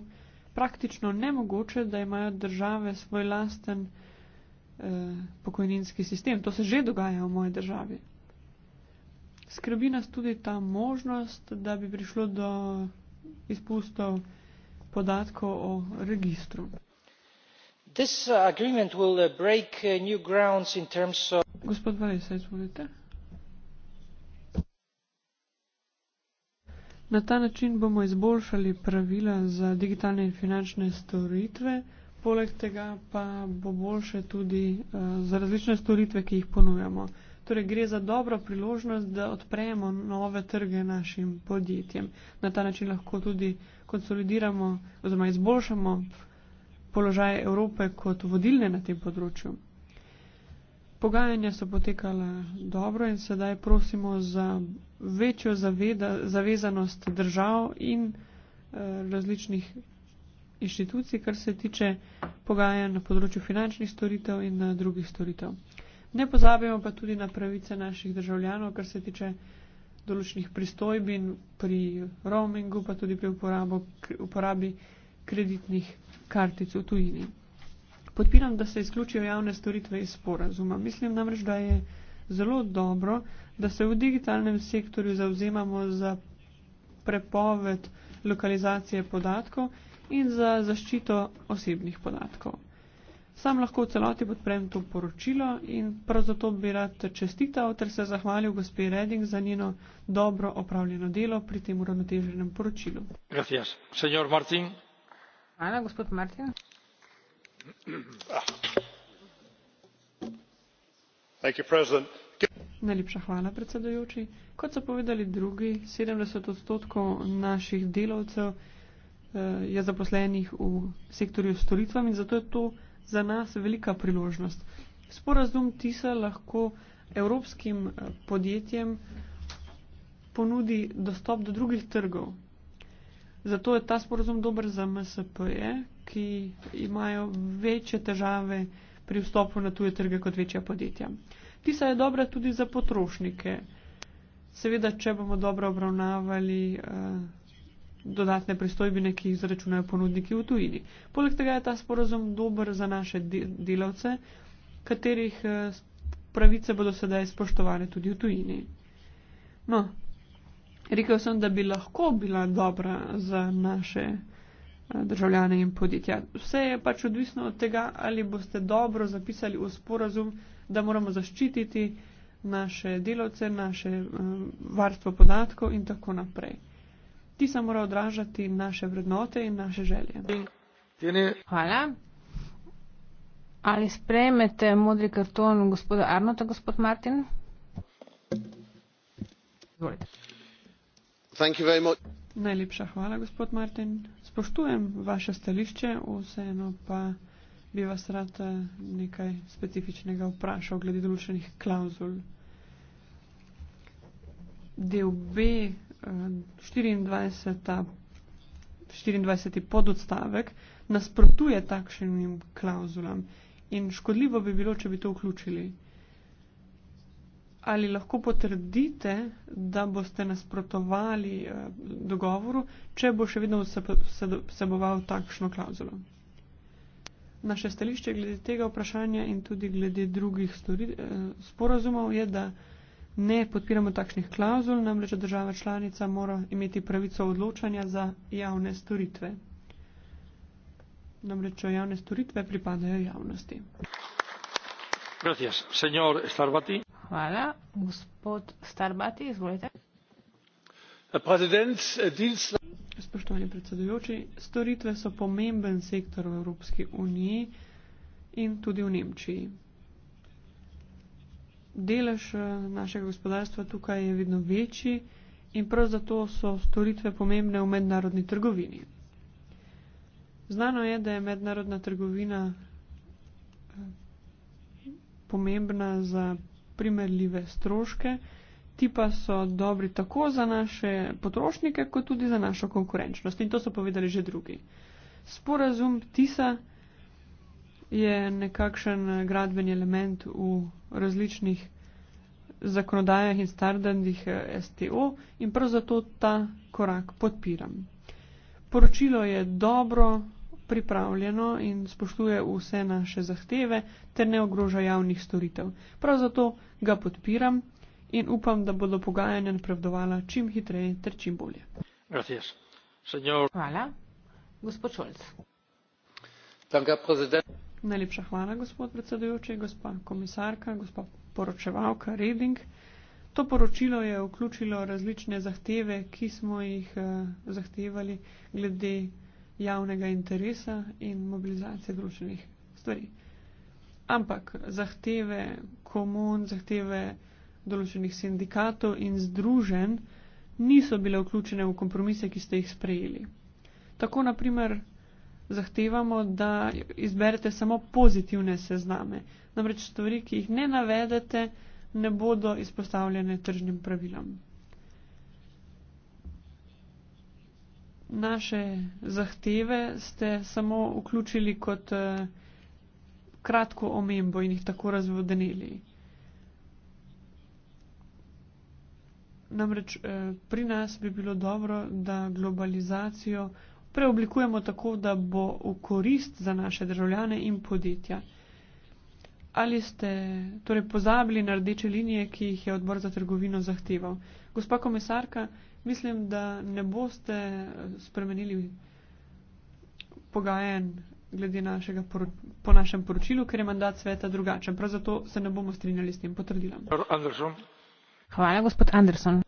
praktično nemogoče, da imajo države svoj lasten eh, pokojninski sistem. To se že dogaja v moji državi. Skrbi nas tudi ta možnost, da bi prišlo do izpustov podatkov o registru. Uh, uh, uh, Gospod Valesa, izvolite. Na ta način bomo izboljšali pravila za digitalne in finančne storitve, poleg tega pa bo boljše tudi uh, za različne storitve, ki jih ponujamo. Torej gre za dobro priložnost, da odpremo nove trge našim podjetjem. Na ta način lahko tudi konsolidiramo oziroma izboljšamo položaj Evrope kot vodilne na tem področju. Pogajanja so potekala dobro in sedaj prosimo za večjo zaveda, zavezanost držav in eh, različnih inštitucij, kar se tiče pogajanja na področju finančnih storitev in eh, drugih storitev. Ne pozabimo pa tudi na pravice naših državljanov, kar se tiče določenih pristojbin pri roamingu, pa tudi pri uporabo, uporabi kreditnih kartic v tujini. Podpiram, da se izključijo javne storitve iz sporazuma. Mislim namreč, da je zelo dobro, da se v digitalnem sektorju zauzemamo za prepoved lokalizacije podatkov in za zaščito osebnih podatkov. Sam lahko v celoti podprem to poročilo in prav zato bi rad čestital ter se zahvalil gospe Reding za njeno dobro opravljeno delo pri tem uravnoteženem poročilu. Gracias. Senor Martin. Hvala, gospod Martin. Thank you, President. Najlepša hvala, predsedujoči. Kot so povedali drugi, 70 odstotkov naših delavcev eh, je zaposlenih v sektorju storitvam in zato je to za nas velika priložnost. Sporazum TISA lahko evropskim eh, podjetjem ponudi dostop do drugih trgov. Zato je ta sporazum dober za MSP-je, ki imajo večje težave pri vstopu na tuje trge kot večja podjetja. TISA je dobra tudi za potrošnike. Seveda, če bomo dobro obravnavali uh, dodatne pristojbine, ki jih zračunajo ponudniki v tujini. Poleg tega je ta sporozum dober za naše delavce, katerih eh, pravice bodo sedaj spoštovane tudi v tujini. No, rekel sem, da bi lahko bila dobra za naše eh, državljane in podjetja. Vse je pač odvisno od tega, ali boste dobro zapisali v sporozum, da moramo zaščititi naše delavce, naše um, varstvo podatkov in tako naprej ti se mora odražati naše vrednote in naše želje. Hvala. Ali sprejmete modri karton gospoda Arnota, gospod Martin? Izvolite. Thank you very much. Najlepša hvala, gospod Martin. Spoštujem vaše stališče, vseeno pa bi vas rad eh, nekaj specifičnega vprašal glede določenih klauzul. Del B 24. 24. pododstavek nasprotuje takšnim klauzulam in škodljivo bi bilo, če bi to vključili. Ali lahko potrdite, da boste nasprotovali eh, dogovoru, če bo še vedno vseboval takšno klauzulo? Naše stališče glede tega vprašanja in tudi glede drugih eh, sporozumov je, da Ne podpiramo takšnih klauzul, namreč država članica mora imeti pravico odločanja za javne storitve. Namreč javne storitve pripadajo javnosti. Hvala, gospod Starbati, izvolite. Äh, Spoštovani predsedujoči, storitve so pomemben sektor v Evropski uniji in tudi v Nemčiji delež eh, našega gospodarstva tukaj je vedno večji in prav zato so storitve pomembne v mednarodni trgovini. Znano je, da je mednarodna trgovina eh, pomembna za primerljive stroške, ti pa so dobri tako za naše potrošnike, kot tudi za našo konkurenčnost. In to so povedali že drugi. Sporazum TISA je nekakšen eh, gradben element v različnih zakonodajah in standardih eh, STO in prav zato ta korak podpiram. Poročilo je dobro pripravljeno in spoštuje vse naše zahteve ter ne ogroža javnih storitev. Prav zato ga podpiram in upam, da bodo pogajanja napredovala čim hitreje ter čim bolje. Hvala. Gospod Šolc. Danke, Herr Präsident. Najlepša hvala, gospod predsedujoči, gospa komisarka, gospa poročevalka Reding. To poročilo je vključilo različne zahteve, ki smo jih eh, zahtevali glede javnega interesa in mobilizacije družbenih stvari. Ampak zahteve komun, zahteve določenih sindikatov in združen niso bile vključene v kompromise, ki ste jih sprejeli. Tako naprimer zahtevamo, da izberete samo pozitivne sezname. Namreč stvari, ki jih ne navedete, ne bodo izpostavljene tržnim pravilom. Naše zahteve ste samo vključili kot uh, kratko omembo in jih tako razvodenili. Namreč uh, pri nas bi bilo dobro, da globalizacijo uh, preoblikujemo tako, da bo v korist za naše državljane in podjetja. Ali ste torej pozabili na rdeče linije, ki jih je odbor za trgovino zahteval? Gospa komisarka, mislim, da ne boste spremenili pogajen glede našega po našem poročilu, ker je mandat sveta drugačen. Prav zato se ne bomo strinjali s tem potrdilom. Anderson. Hvala, gospod Anderson.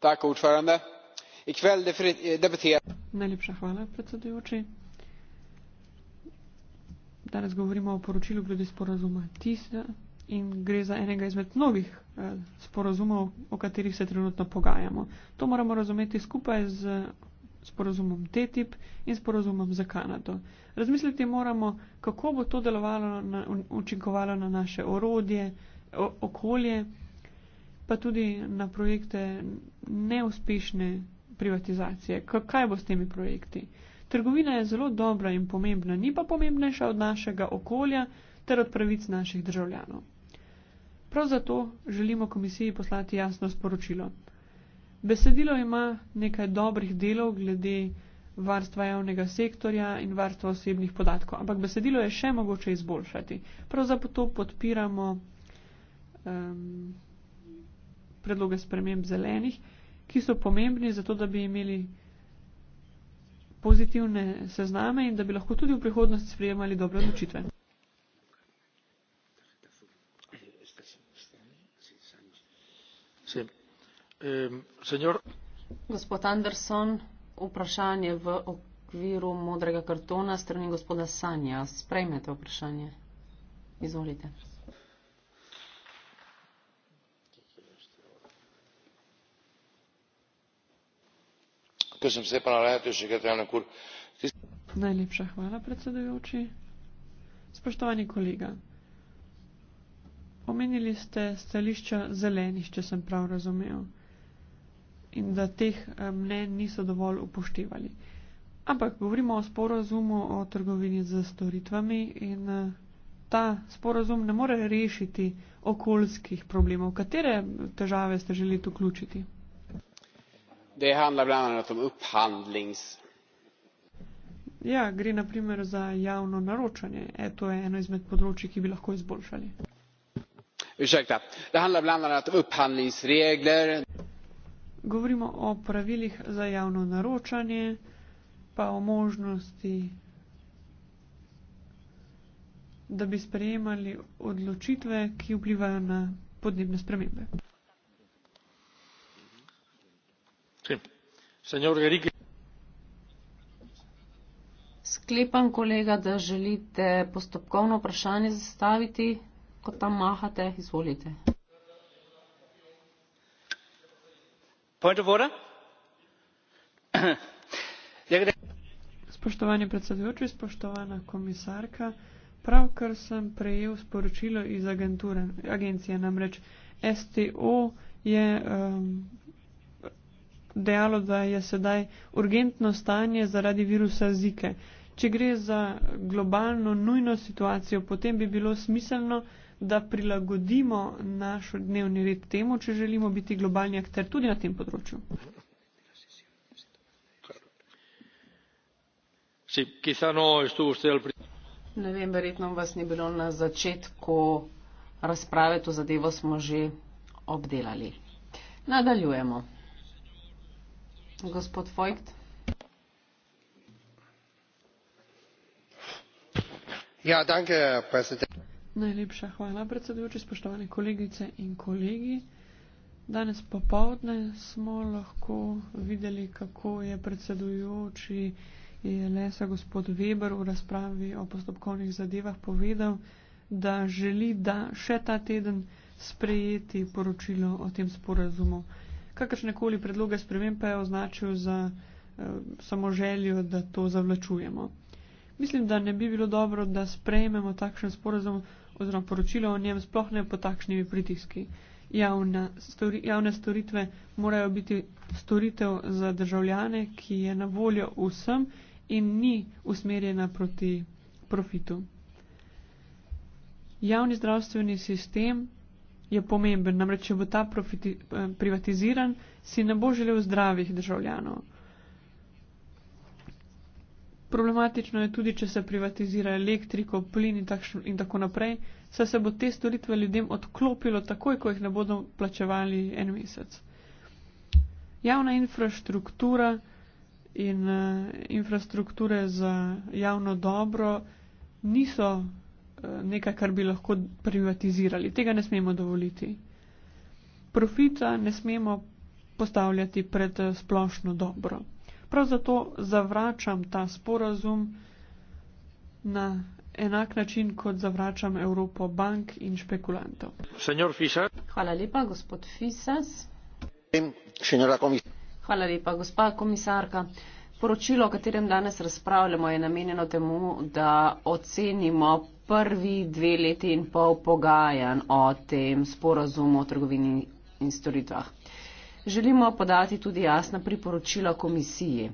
Tako, učvarane. I kveld eh, debatterar Najlepša hvala, predsedujoči. Danes govorimo o poročilu glede sporazuma TISA in gre za enega izmed mnogih eh, sporazumov, o katerih se trenutno pogajamo. To moramo razumeti skupaj z sporazumom TTIP in sporazumom za Kanado. Razmisliti moramo, kako bo to delovalo, na, učinkovalo na naše orodje, o, okolje, pa tudi na projekte neuspešne privatizacije. Kaj bo s temi projekti? Trgovina je zelo dobra in pomembna, ni pa pomembnejša od našega okolja ter od pravic naših državljanov. Prav zato želimo komisiji poslati jasno sporočilo. Besedilo ima nekaj dobrih delov glede varstva javnega sektorja in varstva osebnih podatkov, ampak besedilo je še mogoče izboljšati. Prav zato podpiramo um, predloge sprememb zelenih ki so pomembni za to, da bi imeli pozitivne sezname in da bi lahko tudi v prihodnosti sprejemali dobre odločitve. Gospod Anderson, vprašanje v okviru modrega kartona strani gospoda Sanja. Sprejmete vprašanje. Izvolite. Köszönöm szépen a lehetőséget, elnök úr. Najlépse hvala, predsedujúči. Spoštovani kolega, omenili ste stališča zelenih, če sem prav razumel, in da teh eh, mnen niso dovolj upoštevali. Ampak govorimo o sporazumu o trgovini z storitvami in eh, ta sporazum ne more rešiti okoljskih problemov. Katere težave ste želeli tu vključiti? Det handlar bland annat om upphandlings... Ja, gre na primer za javno naročanje. E, to je eno izmed področji, ki bi lahko izboljšali. Ursäkta. Det handlar bland annat om upphandlingsregler. Govorimo o pravilih za javno naročanje, pa o možnosti, da bi sprejemali odločitve, ki vplivajo na podnebne spremembe. Sklepam, kolega, da želite postopkovno vprašanje zastaviti, ko tam mahate. Izvolite. Ja, Spoštovani predsedujoči, spoštovana komisarka, pravkar sem prejel sporočilo iz agencije, namreč STO je um, dejalo, da je sedaj urgentno stanje zaradi virusa zike. Če gre za globalno nujno situacijo, potem bi bilo smiselno, da prilagodimo naš dnevni red temu, če želimo biti globalni akter tudi na tem področju. No ne vem, verjetno vas ni bilo na začetku razprave, to zadevo smo že obdelali. Nadaljujemo. Gospod Vojt. Ja, danke, Najlepša hvala, predsedujoči, spoštovani kolegice in kolegi. Danes popovdne smo lahko videli, kako je predsedujoči Lesa gospod Weber v razpravi o postopkovnih zadevah povedal, da želi, da še ta teden sprejeti poročilo o tem sporazumu kakršne koli predloge sprememb pa je označil za eh, samo željo, da to zavlačujemo. Mislim, da ne bi bilo dobro, da sprejmemo takšen sporozum oziroma poročilo o njem sploh ne po takšnimi pritiski. Javna, stori, javne storitve morajo biti storitev za državljane, ki je na voljo vsem in ni usmerjena proti profitu. Javni zdravstveni sistem je pomemben. Namreč, če bo ta profiti, eh, privatiziran, si ne bo želel zdravih državljanov. Problematično je tudi, če se privatizira elektriko, plin in, takšn, in tako naprej, saj se bo te storitve ljudem odklopilo takoj, ko jih ne bodo plačevali en mesec. Javna infrastruktura in uh, infrastrukture za javno dobro niso nekaj, kar bi lahko privatizirali. Tega ne smemo dovoliti. Profita ne smemo postavljati pred eh, splošno dobro. Prav zato zavračam ta sporazum na enak način, kot zavračam Evropo bank in špekulantov. Hvala lepa, gospod Fisas. Hvala lepa, gospa komisarka. Poročilo, o katerem danes razpravljamo, je namenjeno temu, da ocenimo prvi dve leti in pol pogajanj o tem sporazumu o trgovini in storitvah. Želimo podati tudi jasna priporočila komisiji.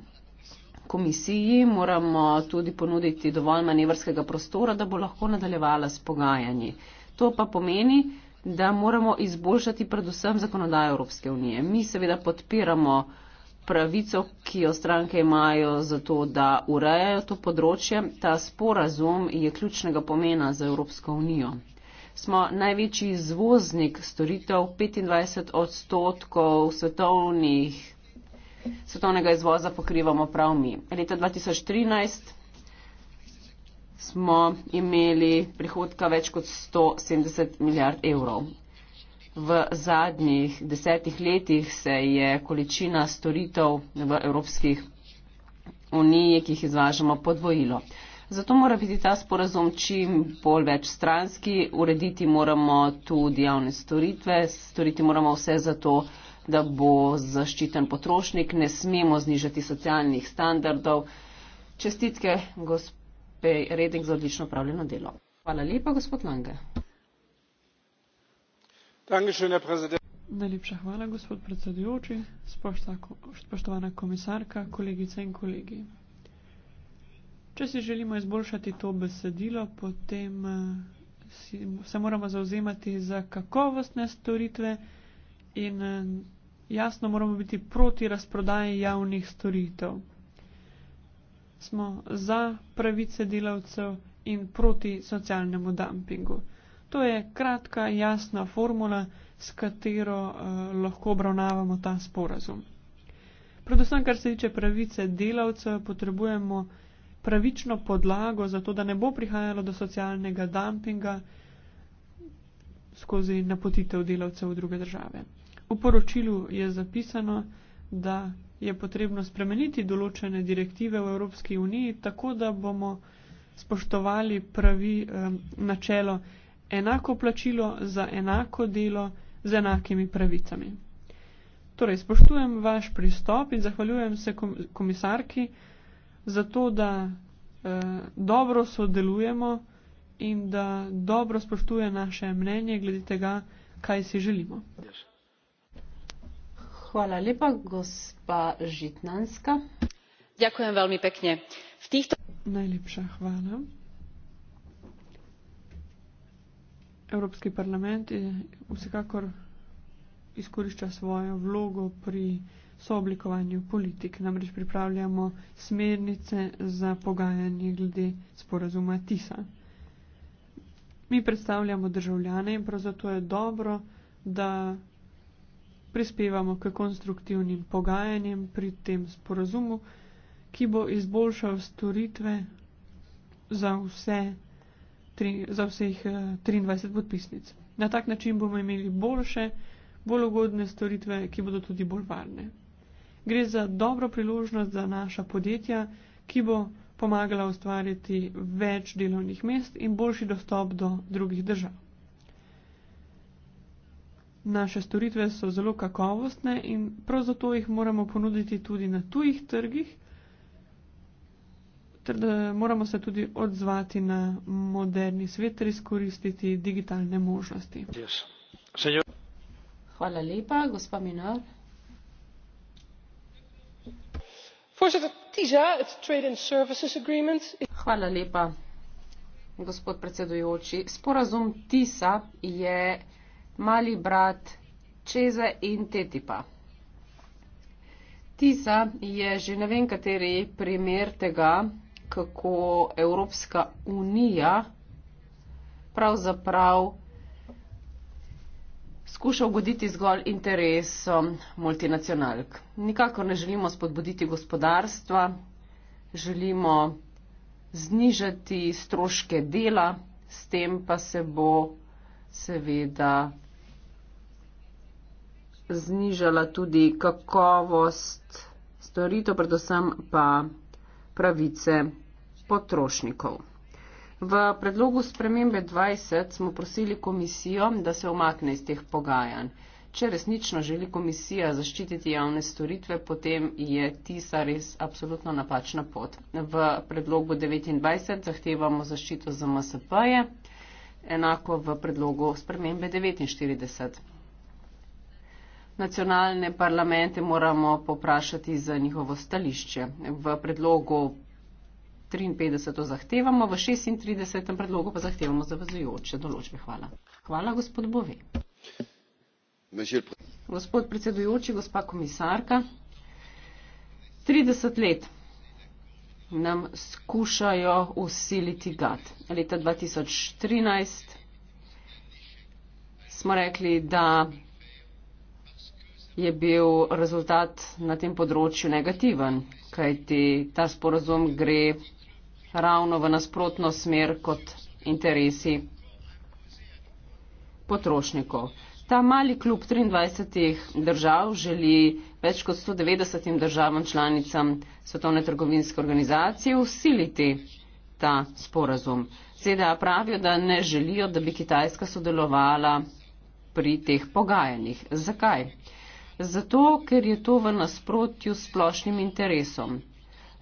Komisiji moramo tudi ponuditi dovolj manevrskega prostora, da bo lahko nadaljevala s pogajanji. To pa pomeni, da moramo izboljšati predvsem zakonodajo Evropske unije. Mi seveda podpiramo uh, pravico, ki jo stranke imajo za to, da urejajo to področje. Ta sporazum je ključnega pomena za Evropsko unijo. Smo največji izvoznik storitev, 25 odstotkov svetovnih, svetovnega izvoza pokrivamo prav mi. Leta 2013 smo imeli prihodka več kot 170 milijard evrov. V zadnjih desetih letih se je količina storitev v Evropskih uniji, ki jih izvažamo, podvojilo. Zato mora biti ta sporazum čim bolj več stranski, urediti moramo tudi javne storitve, storiti moramo vse za to, da bo zaščiten potrošnik, ne smemo znižati socialnih standardov. Čestitke, gospe Reding, za odlično upravljeno delo. Hvala lepa, gospod Lange. Najlepša hvala, gospod predsedujoči, spoštovana komisarka, kolegice in kolegi. Če si želimo izboljšati to besedilo, potem eh, si, se moramo zauzemati za kakovostne storitve in eh, jasno moramo biti proti razprodaji javnih storitev. Smo za pravice delavcev in proti socialnemu dumpingu. To je kratka, jasna formula, s katero eh, lahko obravnavamo ta sporazum. Predvsem, kar se tiče pravice delavca, potrebujemo pravično podlago za to, da ne bo prihajalo do socialnega dumpinga skozi napotitev delavcev v druge države. V poročilu je zapisano, da je potrebno spremeniti določene direktive v Evropski uniji, tako da bomo spoštovali pravi eh, načelo enako plačilo za enako delo z enakimi pravicami. Torej, spoštujem vaš pristop in zahvaljujem se komisarki za to, da eh, dobro sodelujemo in da dobro spoštuje naše mnenje glede tega, kaj si želimo. Hvala lepa, gospa Žitnanska. Ďakujem veľmi pekne. V týchto... Najlepšia chvála. Evropski parlament je vsekakor izkorišča svojo vlogo pri sooblikovanju politik. Namreč pripravljamo smernice za pogajanje glede sporazuma TISA. Mi predstavljamo državljane in prav zato je dobro, da prispevamo k konstruktivnim pogajanjem pri tem sporazumu, ki bo izboljšal storitve za vse tri, za vseh 23 eh, podpisnic. Na tak način bomo imeli boljše, bolj ugodne storitve, ki bodo tudi bolj varne. Gre za dobro priložnost za naša podjetja, ki bo pomagala ustvarjati več delovnih mest in boljši dostop do drugih držav. Naše storitve so zelo kakovostne in prav zato jih moramo ponuditi tudi na tujih trgih ter da moramo se tudi odzvati na moderni svet ter izkoristiti digitalne možnosti. Hvala lepa, gospa Minar. Hvala lepa, gospod predsedujoči. Sporazum TISA je mali brat Čeze in Tetipa. TISA je že ne vem kateri primer tega, kako Evropska unija pravzaprav skuša ugoditi zgolj interesom multinacionalk. Nikakor ne želimo spodbuditi gospodarstva, želimo znižati stroške dela, s tem pa se bo seveda znižala tudi kakovost storitev, predvsem pa pravice potrošnikov. V predlogu spremembe 20 smo prosili komisijo, da se omakne iz teh pogajanj. Če resnično želi komisija zaščititi javne storitve, potem je tisa res absolutno napačna pot. V predlogu 29 zahtevamo zaščito za MSP-je, enako v predlogu spremembe 49 nacionalne parlamente moramo poprašati za njihovo stališče. V predlogu 53 zahtevamo, v 36 predlogu pa zahtevamo zavezujoče določbe. Hvala. Hvala, gospod Bove. Gospod predsedujoči, gospa komisarka, 30 let nam skušajo usiliti gad. Leta 2013 smo rekli, da je bil rezultat na tem področju negativen, kajti ta sporozum gre ravno v nasprotno smer kot interesi potrošnikov. Ta mali klub 23 držav želi več kot 190 državam članicam Svetovne trgovinske organizacije usiliti ta sporazum. ZDA pravijo, da ne želijo, da bi Kitajska sodelovala pri teh pogajanjih. Zakaj? zato ker je to v nasprotju s splošnim interesom.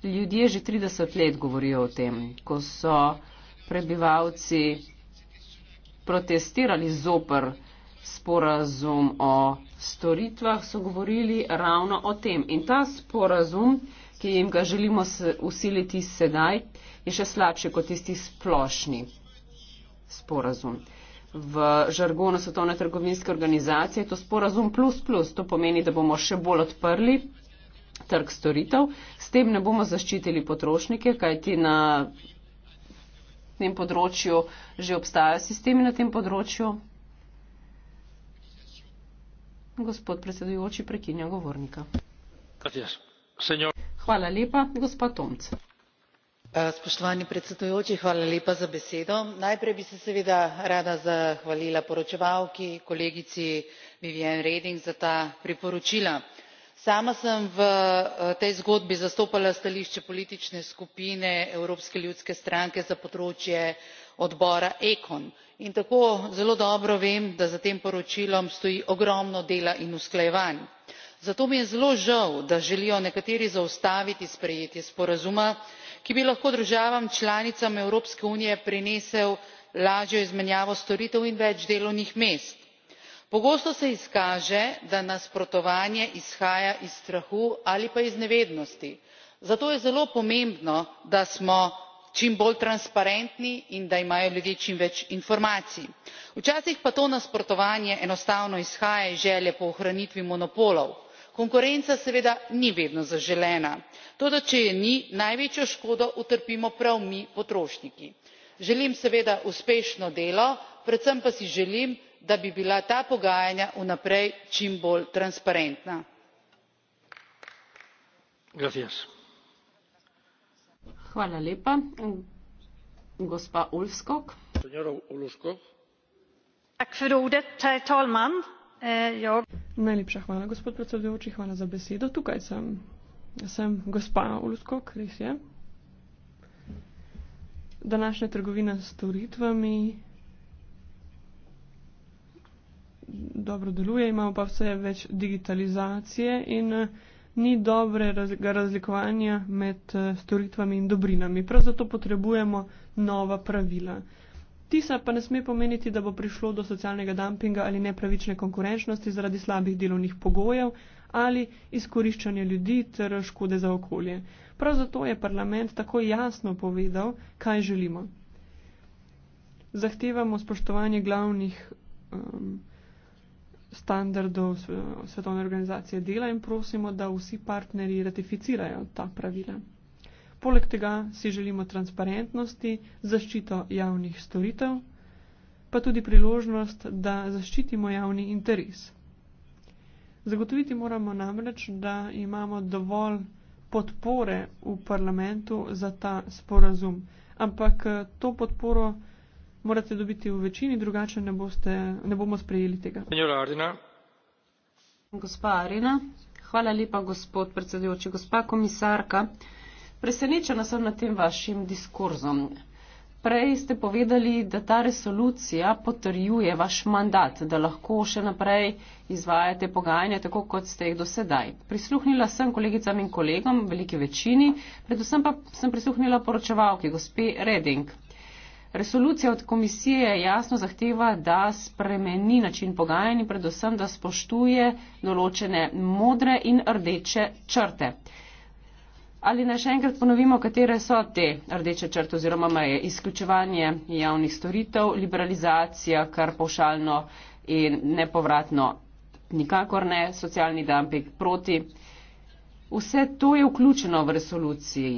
Ljudje že 30 let govorijo o tem, ko so prebivalci protestirali zoper sporazum o storitvah, so govorili ravno o tem. In ta sporazum, ki jim ga želimo usiliti sedaj, je še slabši kot tisti splošni sporazum v žargonu Svetovne trgovinske organizacije, je to sporazum plus plus. To pomeni, da bomo še bolj odprli trg storitev. S tem ne bomo zaščitili potrošnike, kajti na tem področju že obstajajo sistemi na tem področju. Gospod predsedujoči prekinja govornika. Hvala lepa, gospod Tomc. Eh, najprej bi se seveda rada zahvalila poročevalki kolegici viviane reding za ta priporočila. sama sem v eh, tej zgodbi zastopala stališče politične skupine evropske ljudske stranke za področje odbora econ in tako zelo dobro vem da za tem poročilom stoji ogromno dela in usklajevanj. zato mi je zelo žal da želijo nekateri zaustaviti sprejetje sporazuma ki bi lahko prinesel pomembne spremembe ki bi lahko državam članicam evropske unije prinesel lažjo izmenjavo storitev in več delovnih mest. pogosto se izkaže da nasprotovanje izhaja iz strahu ali pa iz nevednosti zato je zelo pomembno da smo čim bolj transparentni in da imajo ljudje čim več informacij. včasih pa to nasprotovanje enostavno izhaja iz želje po ohranitvi monopolov konkurenca seveda ni vedno zaželena toda če je ni največjo škodo utrpimo prav mi potrošniki. želim seveda uspešno delo predvsem pa si želim da bi bila ta pogajanja vnaprej čim bolj transparentna. Najlepša hvala, gospod predsedujoči, hvala za besedo. Tukaj sem, sem gospa Ulusko, res je. Današnja trgovina s storitvami dobro deluje, imamo pa vse več digitalizacije in ni dobrega razlikovanja med storitvami in dobrinami. Prav zato potrebujemo nova pravila. Tisa pa ne sme pomeniti, da bo prišlo do socialnega dumpinga ali nepravične konkurenčnosti zaradi slabih delovnih pogojev ali izkoriščanja ljudi ter škode za okolje. Prav zato je parlament tako jasno povedal, kaj želimo. Zahtevamo spoštovanje glavnih um, standardov uh, svetovne organizacije dela in prosimo, da vsi partnerji ratificirajo ta pravila. Poleg tega si želimo transparentnosti, zaščito javnih storitev, pa tudi priložnost, da zaščitimo javni interes. Zagotoviti moramo namreč, da imamo dovolj podpore v parlamentu za ta sporazum. Ampak to podporo morate dobiti v večini, drugače ne, boste, ne bomo sprejeli tega. Gospa Arina. Gospa Arina. Hvala lepa, gospod predsedujoči. Gospa komisarka. Presenečena sem nad tem vašim diskurzom. Prej ste povedali, da ta resolucija potrjuje vaš mandat, da lahko še naprej izvajate pogajanja tako, kot ste jih dosedaj. Prisluhnila sem kolegicam in kolegom, veliki večini, predvsem pa sem prisluhnila poročevalki, gospe Reding. Resolucija od komisije jasno zahteva, da spremeni način pogajanja in predvsem, da spoštuje določene modre in rdeče črte. Ali naj še enkrat ponovimo, katere so te rdeče črte oziroma meje? Izključevanje javnih storitev, liberalizacija, kar povšalno in nepovratno nikakor ne, socialni dampek proti. Vse to je vključeno v resoluciji.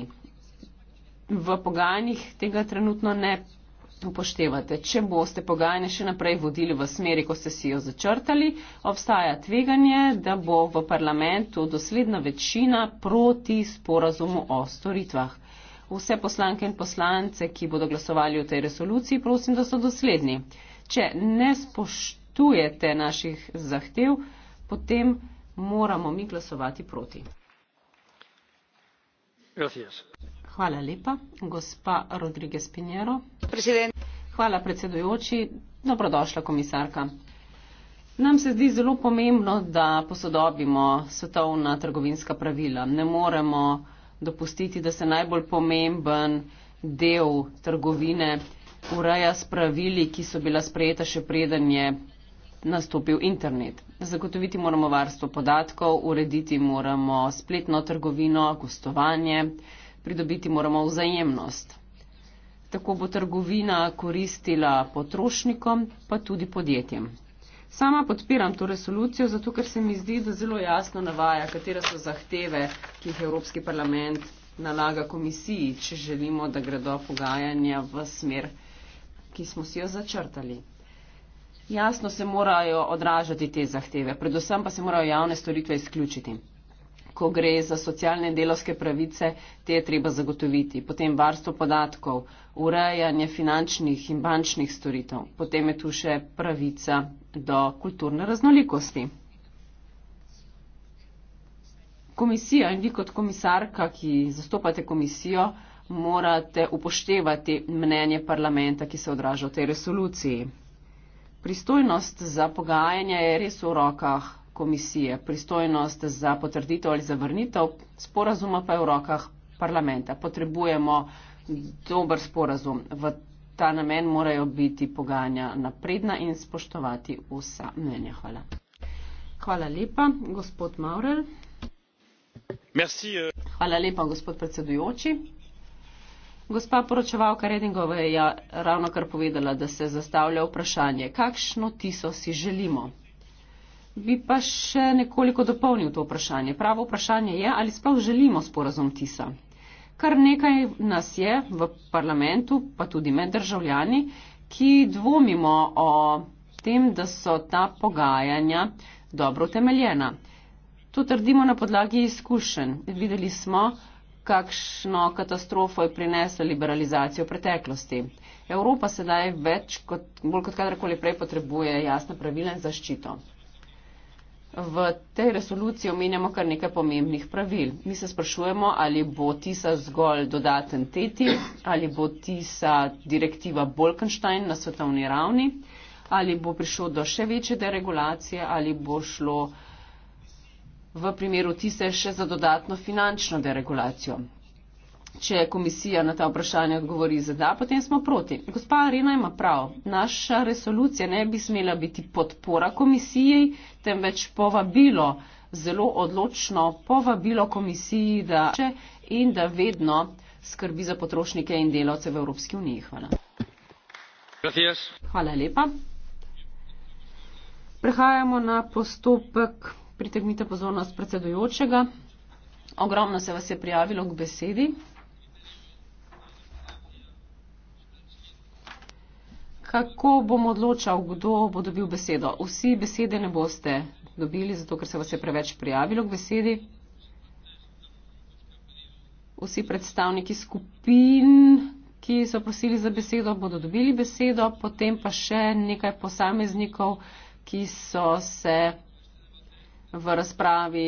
V pogajanjih tega trenutno ne upoštevate. Če boste pogajanje še naprej vodili v smeri, ko ste si jo začrtali, obstaja tveganje, da bo v parlamentu dosledna večina proti sporazumu o storitvah. Vse poslanke in poslance, ki bodo glasovali o tej resoluciji, prosim, da so dosledni. Če ne spoštujete naših zahtev, potem moramo mi glasovati proti. Gracias. Hvala lepa, gospa Rodriguez Pinjero. Hvala predsedujoči, dobrodošla komisarka. Nam se zdi zelo pomembno, da posodobimo svetovna trgovinska pravila. Ne moremo dopustiti, da se najbolj pomemben del trgovine ureja s pravili, ki so bila sprejeta še preden je nastopil internet. Zagotoviti moramo varstvo podatkov, urediti moramo spletno trgovino, gostovanje pridobiti moramo vzajemnost. Tako bo trgovina koristila potrošnikom, pa tudi podjetjem. Sama podpiram to resolucijo, zato ker se mi zdi, da zelo jasno navaja, katere so zahteve, ki jih Evropski parlament nalaga komisiji, če želimo, da gredo pogajanja v smer, ki smo si jo začrtali. Jasno se morajo odražati te zahteve, predvsem pa se morajo javne storitve izključiti ko gre za socialne delovske pravice, te je treba zagotoviti. Potem varstvo podatkov, urejanje finančnih in bančnih storitev, potem je tu še pravica do kulturne raznolikosti. Komisija in vi kot komisarka, ki zastopate komisijo, morate upoštevati mnenje parlamenta, ki se odraža v tej resoluciji. Pristojnost za pogajanje je res v rokah komisije. Pristojnost za potrditev ali zavrnitev sporazuma pa je v rokah parlamenta. Potrebujemo dober sporazum. V ta namen morajo biti pogajanja napredna in spoštovati vsa mnenja. Hvala. Hvala lepa, gospod Maurel. Merci, uh... Hvala lepa, gospod predsedujoči. Gospa poročevalka Redingova je ja ravno kar povedala, da se zastavlja vprašanje, kakšno tiso si želimo bi pa še nekoliko dopolnil to vprašanje. Pravo vprašanje je, ali sploh želimo sporazum TISA. Kar nekaj nas je v parlamentu, pa tudi med državljani, ki dvomimo o tem, da so ta pogajanja dobro utemeljena. To trdimo na podlagi izkušenj. Videli smo, kakšno katastrofo je prinesla liberalizacija v preteklosti. Evropa sedaj več kot, bolj kot kadarkoli prej potrebuje jasna pravila in zaščito v tej resoluciji omenjamo kar nekaj pomembnih pravil. Mi se sprašujemo, ali bo TISA zgolj dodaten TETI, ali bo TISA direktiva Bolkenstein na svetovni ravni, ali bo prišlo do še večje deregulacije, ali bo šlo v primeru TISA še za dodatno finančno deregulacijo. Če komisija na ta vprašanja odgovori za da, potem smo proti. Gospa Arena ima prav. Naša resolucija ne bi smela biti podpora komisiji, temveč povabilo, zelo odločno povabilo komisiji, da še in da vedno skrbi za potrošnike in delavce v Evropski uniji. Hvala. Gracias. Hvala lepa. Prehajamo na postopek. Pritegnite pozornost predsedujočega. Ogromno se vas je prijavilo k besedi. kako bom odločal, kdo bo dobil besedo. Vsi besede ne boste dobili, zato ker se vas je preveč prijavilo k besedi. Vsi predstavniki skupin, ki so prosili za besedo, bodo dobili besedo, potem pa še nekaj posameznikov, ki so se v razpravi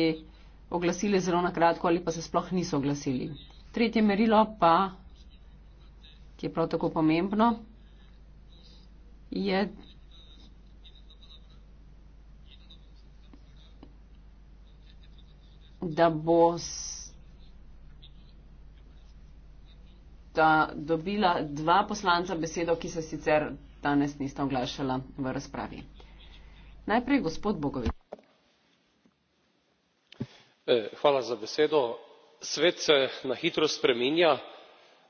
oglasili zelo na kratko ali pa se sploh niso oglasili. Tretje merilo pa, ki je prav tako pomembno, je da bo da dobila dva poslanca besedo, ki se sicer danes nista oglašala v razpravi. Najprej gospod Bogovič. Eh, hvala za besedo. Svet se na hitro spreminja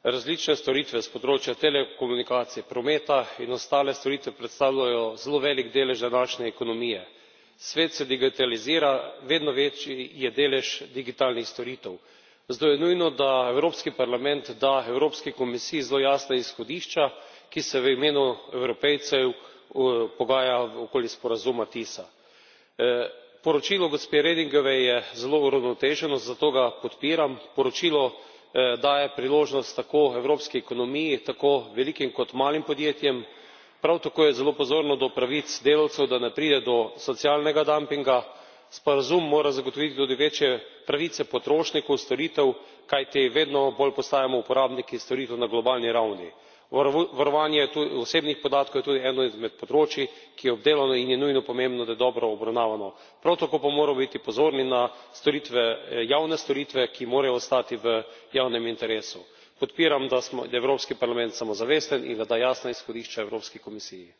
različne storitve s področja telekomunikacij prometa in ostale storitve predstavljajo zelo velik delež današnje ekonomije. svet se digitalizira vedno večji je delež digitalnih storitev zato je nujno da evropski parlament da evropski komisiji zelo jasna izhodišča ki se v imenu evropejcev pogaja okoli sporazuma tisa. E, poročilo gospe redingove je zelo uravnoteženo zato ga podpiram. poročilo Eh, daje priložnost tako evropski ekonomiji tako velikim kot malim podjetjem prav tako je zelo pozorno do pravic delavcev da ne pride do socialnega dampinga sporazum mora zagotoviti tudi večje pravice potrošnikov storitev kajti vedno bolj postajamo uporabniki storitev na globalni ravni varovanje osebnih podatkov je tudi eno izmed področij ki je obdelano in je nujno pomembno da je dobro obravnavano. prav tako pa moramo biti pozorni na storitve eh, javne storitve ki morajo ostati v javnem interesu. podpiram da je evropski parlament samozavesten in da da jasna izhodišča evropski komisiji.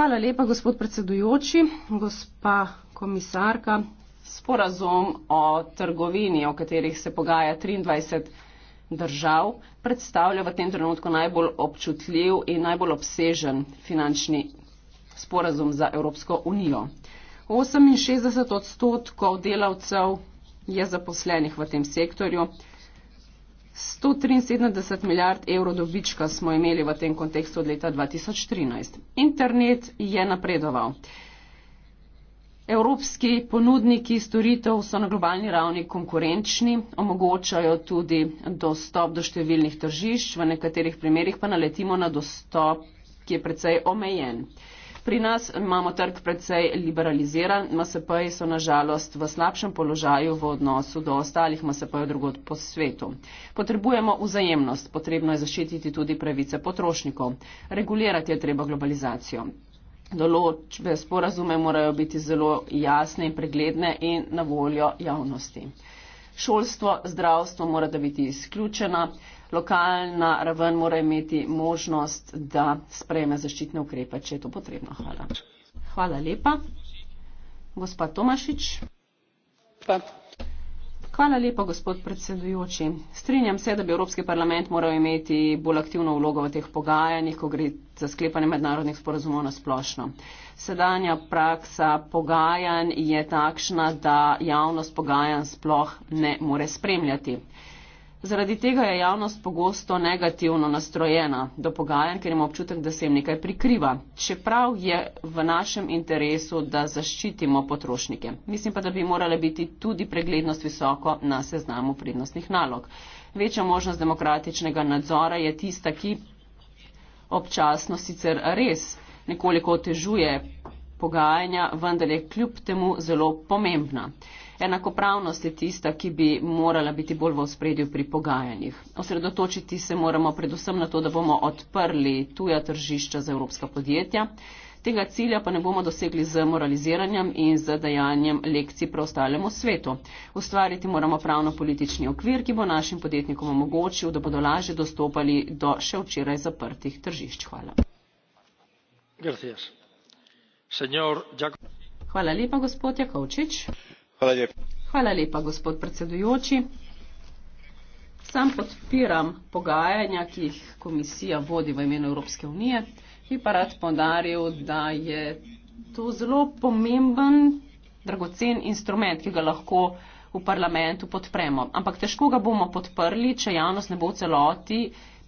Hvala lepa, gospod predsedujoči, gospa komisarka. Sporazum o trgovini, o katerih se pogaja 23 držav, predstavlja v tem trenutku najbolj občutljiv in najbolj obsežen finančni sporazum za Evropsko unijo. 68 odstotkov delavcev je zaposlenih v tem sektorju, 173 milijard evrov dobička smo imeli v tem kontekstu od leta 2013. Internet je napredoval. Evropski ponudniki storitev so na globalni ravni konkurenčni, omogočajo tudi dostop do številnih tržišč, v nekaterih primerjih pa naletimo na dostop, ki je precej omejen pri nas imamo trg predvsej liberaliziran, MSP-ji so nažalost v slabšem položaju v odnosu do ostalih MSP-jev drugod po svetu. Potrebujemo vzajemnost, potrebno je zaščititi tudi pravice potrošnikov. Regulirati je treba globalizacijo. Določbe sporazume morajo biti zelo jasne in pregledne in na voljo javnosti. Šolstvo, zdravstvo morata biti izključena lokalna raven mora imeti možnost, da sprejme zaščitne ukrepe, če je to potrebno. Hvala. Hvala lepa. Gospa Tomašič. Pa. Hvala lepa, gospod predsedujoči. Strinjam se, da bi Evropski parlament moral imeti bolj aktivno vlogo v teh pogajanjih, ko gre za sklepanje mednarodnih sporazumov na splošno. Sedanja praksa pogajanj je takšna, da javnost pogajanj sploh ne more spremljati. Zaradi tega je javnost pogosto negativno nastrojena do pogajanj, ker ima občutek, da se jim nekaj prikriva. Čeprav je v našem interesu, da zaščitimo potrošnike. Mislim pa, da bi morala biti tudi preglednost visoko na seznamu prednostnih nalog. Večja možnost demokratičnega nadzora je tista, ki občasno sicer res nekoliko otežuje pogajanja, vendar je kljub temu zelo pomembna. Enakopravnost je tista, ki bi morala biti bolj v spredju pri pogajanjih. Osredotočiti se moramo predvsem na to, da bomo odprli tuja tržišča za evropska podjetja. Tega cilja pa ne bomo dosegli z moraliziranjem in z dajanjem lekcij preostalemu svetu. Ustvariti moramo pravno-politični okvir, ki bo našim podjetnikom omogočil, da bodo lažje dostopali do še včeraj zaprtih tržišč. Hvala. Hvala lepa, gospod Jakovčič. Hvala lepa. Hvala lepa, gospod predsedujoči. Sam podpiram pogajanja, ki jih komisija vodi v imenu Evropske unije, bi pa rad podaril, da je to zelo pomemben, dragocen instrument, ki ga lahko v parlamentu podpremo. Ampak težko ga bomo podprli, če javnost ne bo celoti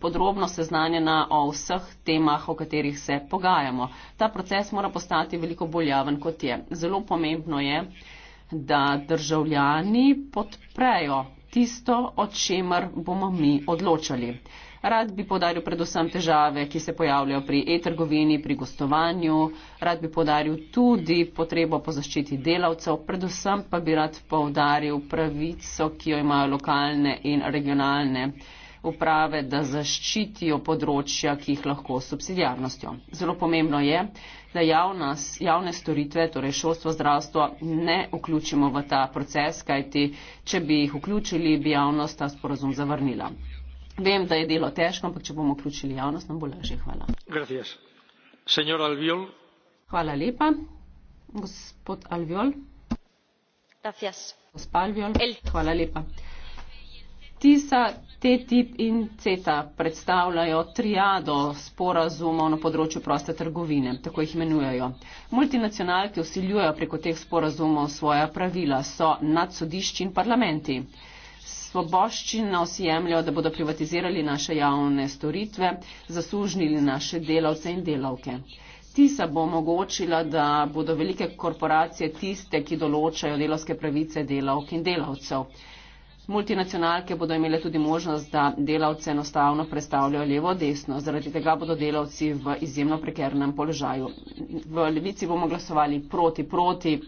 podrobno seznanjena o vseh temah, o katerih se pogajamo. Ta proces mora postati veliko bolj javen, kot je. Zelo pomembno je, da državljani podprejo tisto, o čemer bomo mi odločali. Rad bi podaril predvsem težave, ki se pojavljajo pri e-trgovini, pri gostovanju. Rad bi podaril tudi potrebo po zaščiti delavcev, predvsem pa bi rad povdaril pravico, ki jo imajo lokalne in regionalne uprave, da zaščitijo področja, ki jih lahko s subsidijarnostjo. Zelo pomembno je, da javna, javne storitve, torej šolstvo, zdravstvo, ne vključimo v ta proces, kajti če bi jih vključili, bi javnost ta sporozum zavrnila. Vem, da je delo težko, ampak če bomo vključili javnost, nam bo lažje. Hvala. Hvala lepa. Gospod Alviol. Gospod Alviol. Hvala lepa. TISA, TTIP in CETA predstavljajo triado sporazumov na področju proste trgovine, tako jih imenujejo. Multinacionalke usiljujejo preko teh sporazumov svoja pravila, so nadsodišči in parlamenti. Svoboščina osijemljajo, da bodo privatizirali naše javne storitve, zaslužnili naše delavce in delavke. TISA bo omogočila, da bodo velike korporacije tiste, ki določajo delovske pravice delavk in delavcev. Multinacionalke bodo imele tudi možnost, da delavce enostavno predstavljajo levo, desno. Zaradi tega bodo delavci v izjemno prekernem položaju. V levici bomo glasovali proti, proti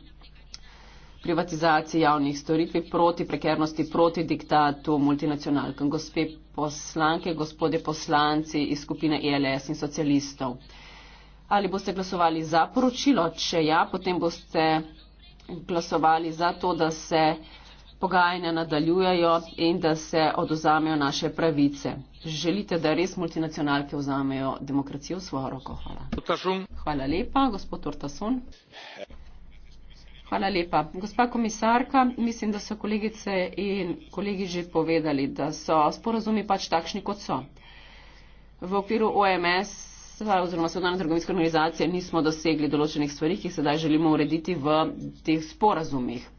privatizaciji javnih storitev, proti prekernosti, proti diktatu multinacionalk. Gospe poslanke, gospode poslanci iz skupine ELS in socialistov. Ali boste glasovali za poročilo? Če ja, potem boste glasovali za to, da se pogajanja nadaljujajo in da se odozamejo naše pravice. Želite, da res multinacionalke vzamejo demokracijo v svojo roko? Hvala. Hvala lepa, gospod Tortason. Hvala lepa. Gospa komisarka, mislim, da so kolegice in kolegi že povedali, da so sporazumi pač takšni, kot so. V okviru OMS oziroma Svetovne trgovinske organizacije nismo dosegli določenih stvari, ki jih sedaj želimo urediti v teh sporazumih.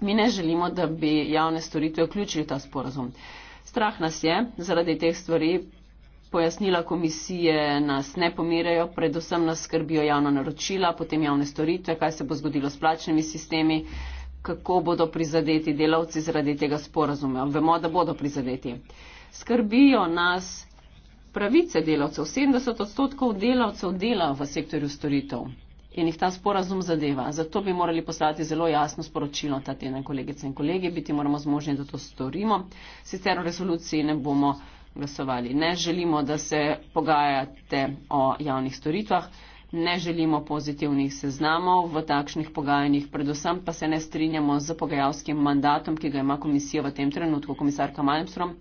Mi ne želimo, da bi javne storitve vključili v ta sporazum. Strah nas je zaradi teh stvari. Pojasnila komisije nas ne pomirajo, predvsem nas skrbijo javna naročila, potem javne storitve, kaj se bo zgodilo s plačnimi sistemi, kako bodo prizadeti delavci zaradi tega sporazuma. Vemo, da bodo prizadeti. Skrbijo nas pravice delavcev. 70 odstotkov delavcev dela v sektorju storitev in jih ta sporazum zadeva. Zato bi morali poslati zelo jasno sporočilo ta teden, kolegice in kolegi, biti moramo zmožni, da to storimo. Sicer v resoluciji ne bomo glasovali. Ne želimo, da se pogajate o javnih storitvah, ne želimo pozitivnih seznamov v takšnih pogajanjih, predvsem pa se ne strinjamo z pogajalskim mandatom, ki ga ima komisija v tem trenutku, komisarka Malmström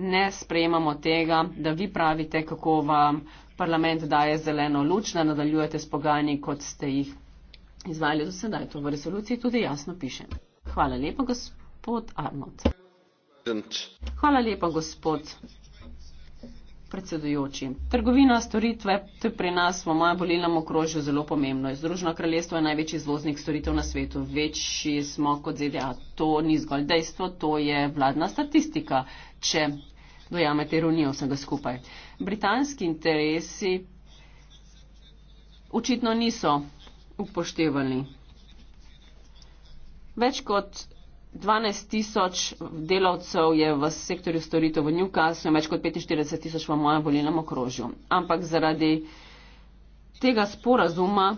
ne sprejemamo tega, da vi pravite, kako vam parlament daje zeleno luč, da nadaljujete s pogajanji, kot ste jih izvali do sedaj. To v resoluciji tudi jasno piše. Hvala lepa, gospod Arnold. Hvala lepa, gospod predsedujoči. Trgovina storitve pri nas v mojem bolilnem okrožju zelo pomembno. Združeno kraljestvo je največji izvoznik storitev na svetu. Večji smo kot ZDA. To ni zgolj dejstvo, to je vladna statistika če dojamete ironijo vsega skupaj. Britanski interesi očitno niso upoštevali. Več kot 12 tisoč delavcev je v sektorju storitev v Newcastle in več kot 45 tisoč v mojem volilnem okrožju. Ampak zaradi tega sporazuma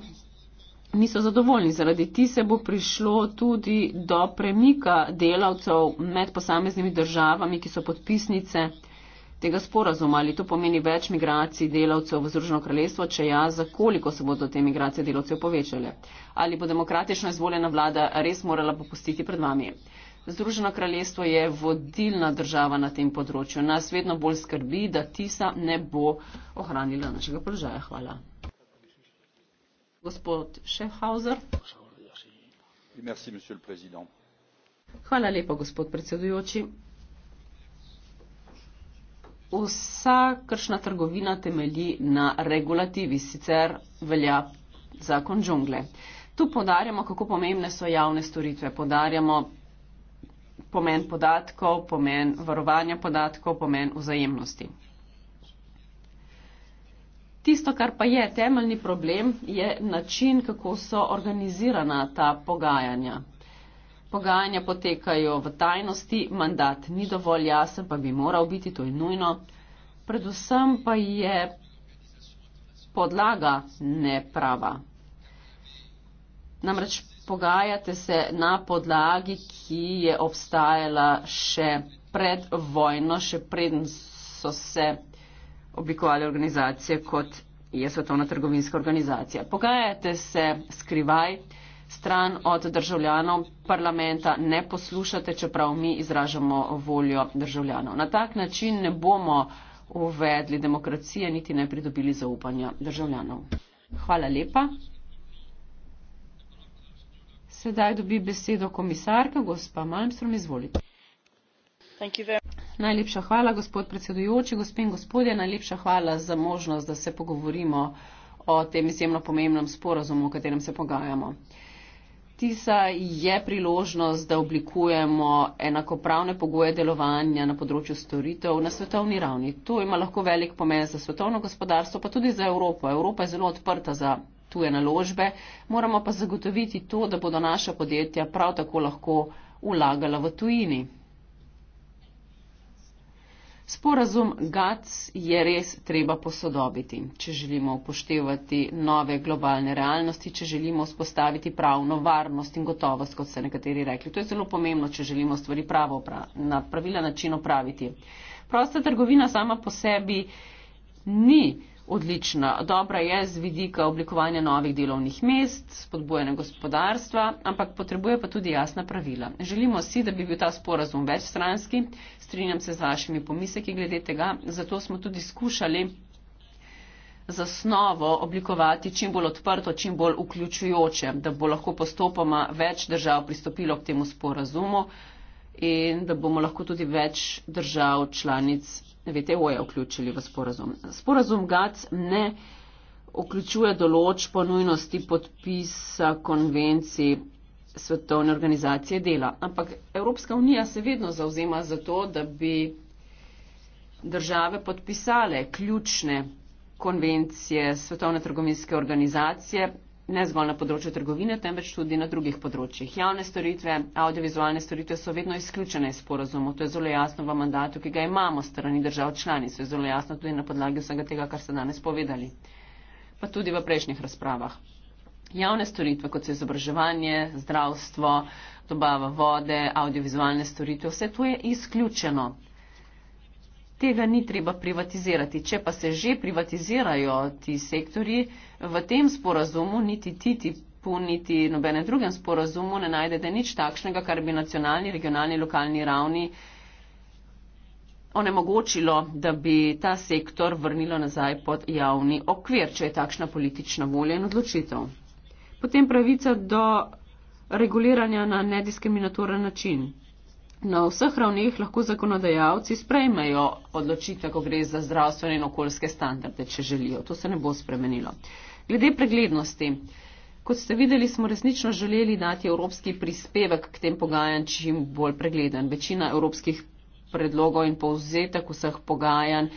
niso zadovoljni. Zaradi ti se bo prišlo tudi do premika delavcev med posameznimi državami, ki so podpisnice tega sporazuma. Ali to pomeni več migracij delavcev v Združeno kraljestvo, če ja, za koliko se bodo te migracije delavcev povečale? Ali bo demokratično izvoljena vlada res morala popustiti pred vami? Združeno kraljestvo je vodilna država na tem področju. Nas vedno bolj skrbi, da TISA ne bo ohranila našega položaja. Hvala gospod Schaffhauser. Hvala lepa, gospod predsedujoči. Vsa kršna trgovina temelji na regulativi, sicer velja zakon džungle. Tu podarjamo, kako pomembne so javne storitve. Podarjamo pomen podatkov, pomen varovanja podatkov, pomen vzajemnosti. Tisto, kar pa je temeljni problem, je način, kako so organizirana ta pogajanja. Pogajanja potekajo v tajnosti, mandat ni dovolj jasen, pa bi moral biti, to je nujno. Predvsem pa je podlaga neprava. Namreč pogajate se na podlagi, ki je obstajala še pred vojno, še preden so se oblikovali organizacije kot je svetovna trgovinska organizacija. Pogajate se skrivaj stran od državljanov parlamenta, ne poslušate, čeprav mi izražamo voljo državljanov. Na tak način ne bomo uvedli demokracije, niti ne pridobili zaupanja državljanov. Hvala lepa. Sedaj dobi besedo komisarka, gospa Malmström, izvolite. Najlepša hvala, gospod predsedujoči, gospe in gospodje. Najlepša hvala za možnost, da se pogovorimo o tem izjemno pomembnem sporazumu, o katerem se pogajamo. TISA je priložnost, da oblikujemo enakopravne pogoje delovanja na področju storitev na svetovni ravni. To ima lahko velik pomen za svetovno gospodarstvo, pa tudi za Evropo. Evropa je zelo odprta za tuje naložbe, moramo pa zagotoviti to, da bodo naša podjetja prav tako lahko vlagala v tujini. Sporazum GATS je res treba posodobiti, če želimo upoštevati nove globalne realnosti, če želimo vzpostaviti pravno varnost in gotovost, kot ste nekateri rekli. To je zelo pomembno, če želimo stvari pravo na pravila način opraviti. Prosta trgovina sama po sebi ni odlična. Dobra je z vidika oblikovanja novih delovnih mest, spodbojene gospodarstva, ampak potrebuje pa tudi jasna pravila. Želimo si, da bi bil ta sporazum večstranski, strinjam se z vašimi pomisleki glede tega, zato smo tudi skušali zasnovo oblikovati čim bolj odprto, čim bolj vključujoče, da bo lahko postopoma več držav pristopilo k temu sporazumu in da bomo lahko tudi več držav članic VTO-je vključili v sporazum. Sporazum GATS ne vključuje določb o nujnosti podpisa konvencij Svetovne organizacije dela, ampak Evropska unija se vedno zauzema za to, da bi države podpisale ključne konvencije Svetovne trgovinske organizacije, ne zgolj na področju trgovine, temveč tudi na drugih področjih. Javne storitve, audiovizualne storitve so vedno izključene iz sporozumu. To je zelo jasno v mandatu, ki ga imamo strani držav članic. To je zelo jasno tudi na podlagi vsega tega, kar ste danes povedali. Pa tudi v prejšnjih razpravah. Javne storitve, kot so izobraževanje, zdravstvo, dobava vode, audiovizualne storitve, vse to je izključeno tega ni treba privatizirati. Če pa se že privatizirajo ti sektori, v tem sporazumu niti titi puniti nobene drugem sporazumu ne najdete nič takšnega, kar bi nacionalni, regionalni, lokalni ravni onemogočilo, da bi ta sektor vrnilo nazaj pod javni okvir, če je takšna politična volja in odločitev. Potem pravica do reguliranja na nediskriminatoren način na vseh ravneh lahko zakonodajalci sprejmejo odločitve, ko gre za zdravstvene in okoljske standarde, če želijo. To se ne bo spremenilo. Glede preglednosti. Kot ste videli, smo resnično želeli dati evropski prispevek k tem pogajanj čim bolj pregleden. Večina evropskih predlogov in povzetek vseh pogajanj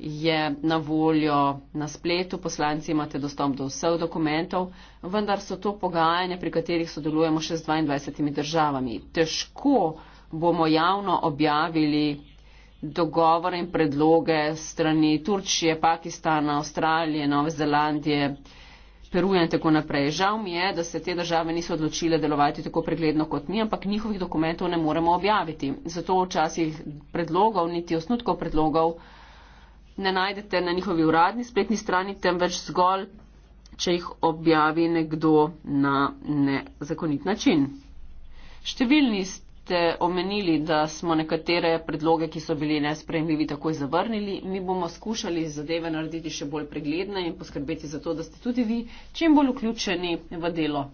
je na voljo na spletu, poslanci imate dostop do vseh dokumentov, vendar so to pogajanja, pri katerih sodelujemo še z 22 državami. Težko bomo javno objavili dogovore in predloge strani Turčije, Pakistana, Avstralije, Nove Zelandije, Peruja in tako naprej. Žal mi je, da se te države niso odločile delovati tako pregledno kot mi, ampak njihovih dokumentov ne moremo objaviti. Zato včasih predlogov, niti osnutkov predlogov ne najdete na njihovi uradni spletni strani, temveč zgolj, če jih objavi nekdo na nezakonit način. Številni ste omenili, da smo nekatere predloge, ki so bili nespremljivi, takoj zavrnili. Mi bomo skušali zadeve narediti še bolj pregledne in poskrbeti za to, da ste tudi vi čim bolj vključeni v delo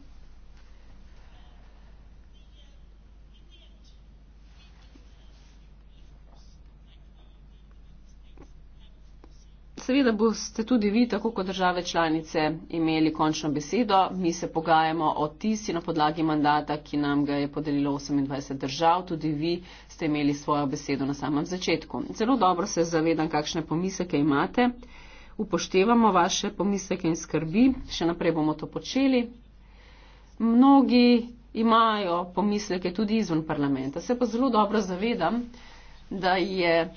seveda boste tudi vi, tako kot države članice, imeli končno besedo. Mi se pogajamo o tisti na podlagi mandata, ki nam ga je podelilo 28 držav. Tudi vi ste imeli svojo besedo na samem začetku. Zelo dobro se zavedam, kakšne pomisleke imate. Upoštevamo vaše pomisleke in skrbi. Še naprej bomo to počeli. Mnogi imajo pomisleke tudi izven parlamenta. Se pa zelo dobro zavedam, da je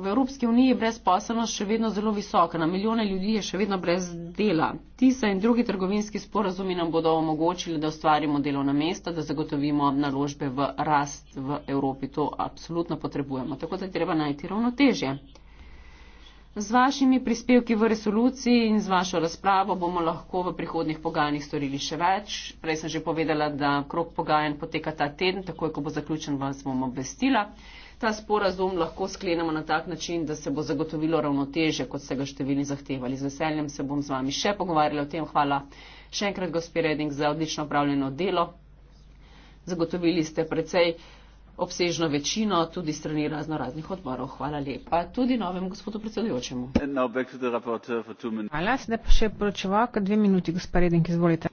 v Evropski uniji je brezposelnost še vedno zelo visoka, na milijone ljudi je še vedno brez dela. TISA in drugi trgovinski sporazumi nam bodo omogočili, da ustvarimo delovna mesta, da zagotovimo naložbe v rast v Evropi. To absolutno potrebujemo, tako da je treba najti ravnotežje. Z vašimi prispevki v resoluciji in z vašo razpravo bomo lahko v prihodnih pogajanjih storili še več. Prej sem že povedala, da krok pogajanj poteka ta teden, takoj ko bo zaključen, vas bom obvestila ta sporazum lahko sklenemo na tak način, da se bo zagotovilo ravnoteže, kot ste ga številni zahtevali. Z veseljem se bom z vami še pogovarjala o tem. Hvala še enkrat, gospod Reding, za odlično upravljeno delo. Zagotovili ste precej obsežno večino tudi strani razno raznih odborov. Hvala lepa tudi novemu gospodu predsedujočemu. Hvala, sedaj pa še poročevalka, dve minuti, gospod Reding, izvolite.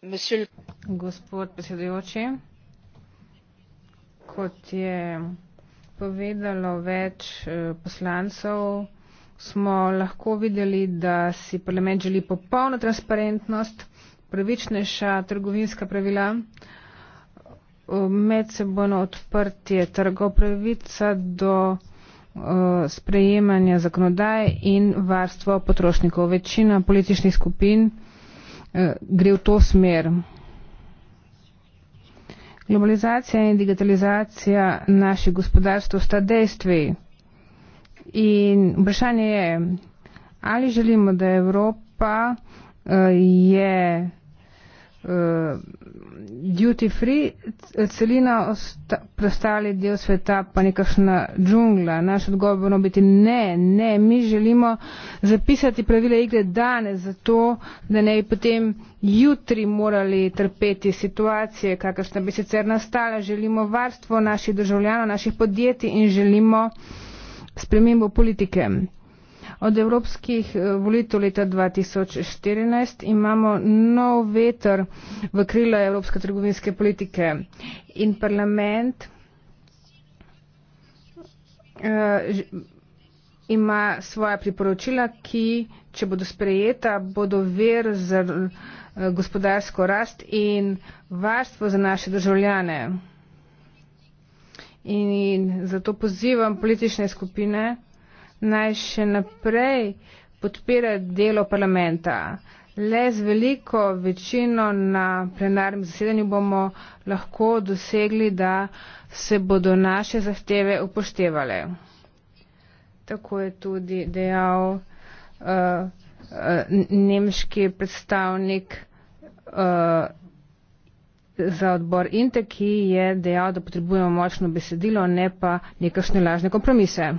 Monsieur. Gospod predsedujoči, kot je povedalo več eh, poslancev, smo lahko videli, da si parlament želi popolno transparentnost, pravičnejša trgovinska pravila, eh, medsebojno odprtje trgov pravica do eh, sprejemanja zakonodaje in varstvo potrošnikov. Večina političnih skupin gre v to smer. Globalizacija in digitalizacija naših gospodarstv sta dejstvi. In vprašanje je, ali želimo, da Evropa uh, je uh, duty free celina, preostali del sveta pa nekakšna džungla. Naš odgovor bo biti ne, ne, mi želimo zapisati pravile igre danes, zato da ne bi potem jutri morali trpeti situacije, kakršna bi sicer nastala. Želimo varstvo naših državljanov, naših podjetij in želimo spremembo politike. Od evropskih eh, volitev leta 2014 imamo nov veter v krila evropske trgovinske politike in parlament uh, ima svoja priporočila, ki, če bodo sprejeta, bodo ver za uh, gospodarsko rast in varstvo za naše državljane. In zato pozivam politične skupine, naj še naprej podpira delo parlamenta. Le z veliko večino na plenarnem zasedanju bomo lahko dosegli, da se bodo naše zahteve upoštevale. Tako je tudi dejal uh, uh, nemški predstavnik uh, za odbor Inter, ki je dejal, da potrebujemo močno besedilo, ne pa nekašne lažne kompromise.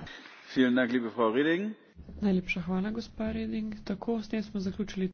Najlepša hvala, gospa Reding. Tako, s tem smo zaključili to točko dnevnega reda.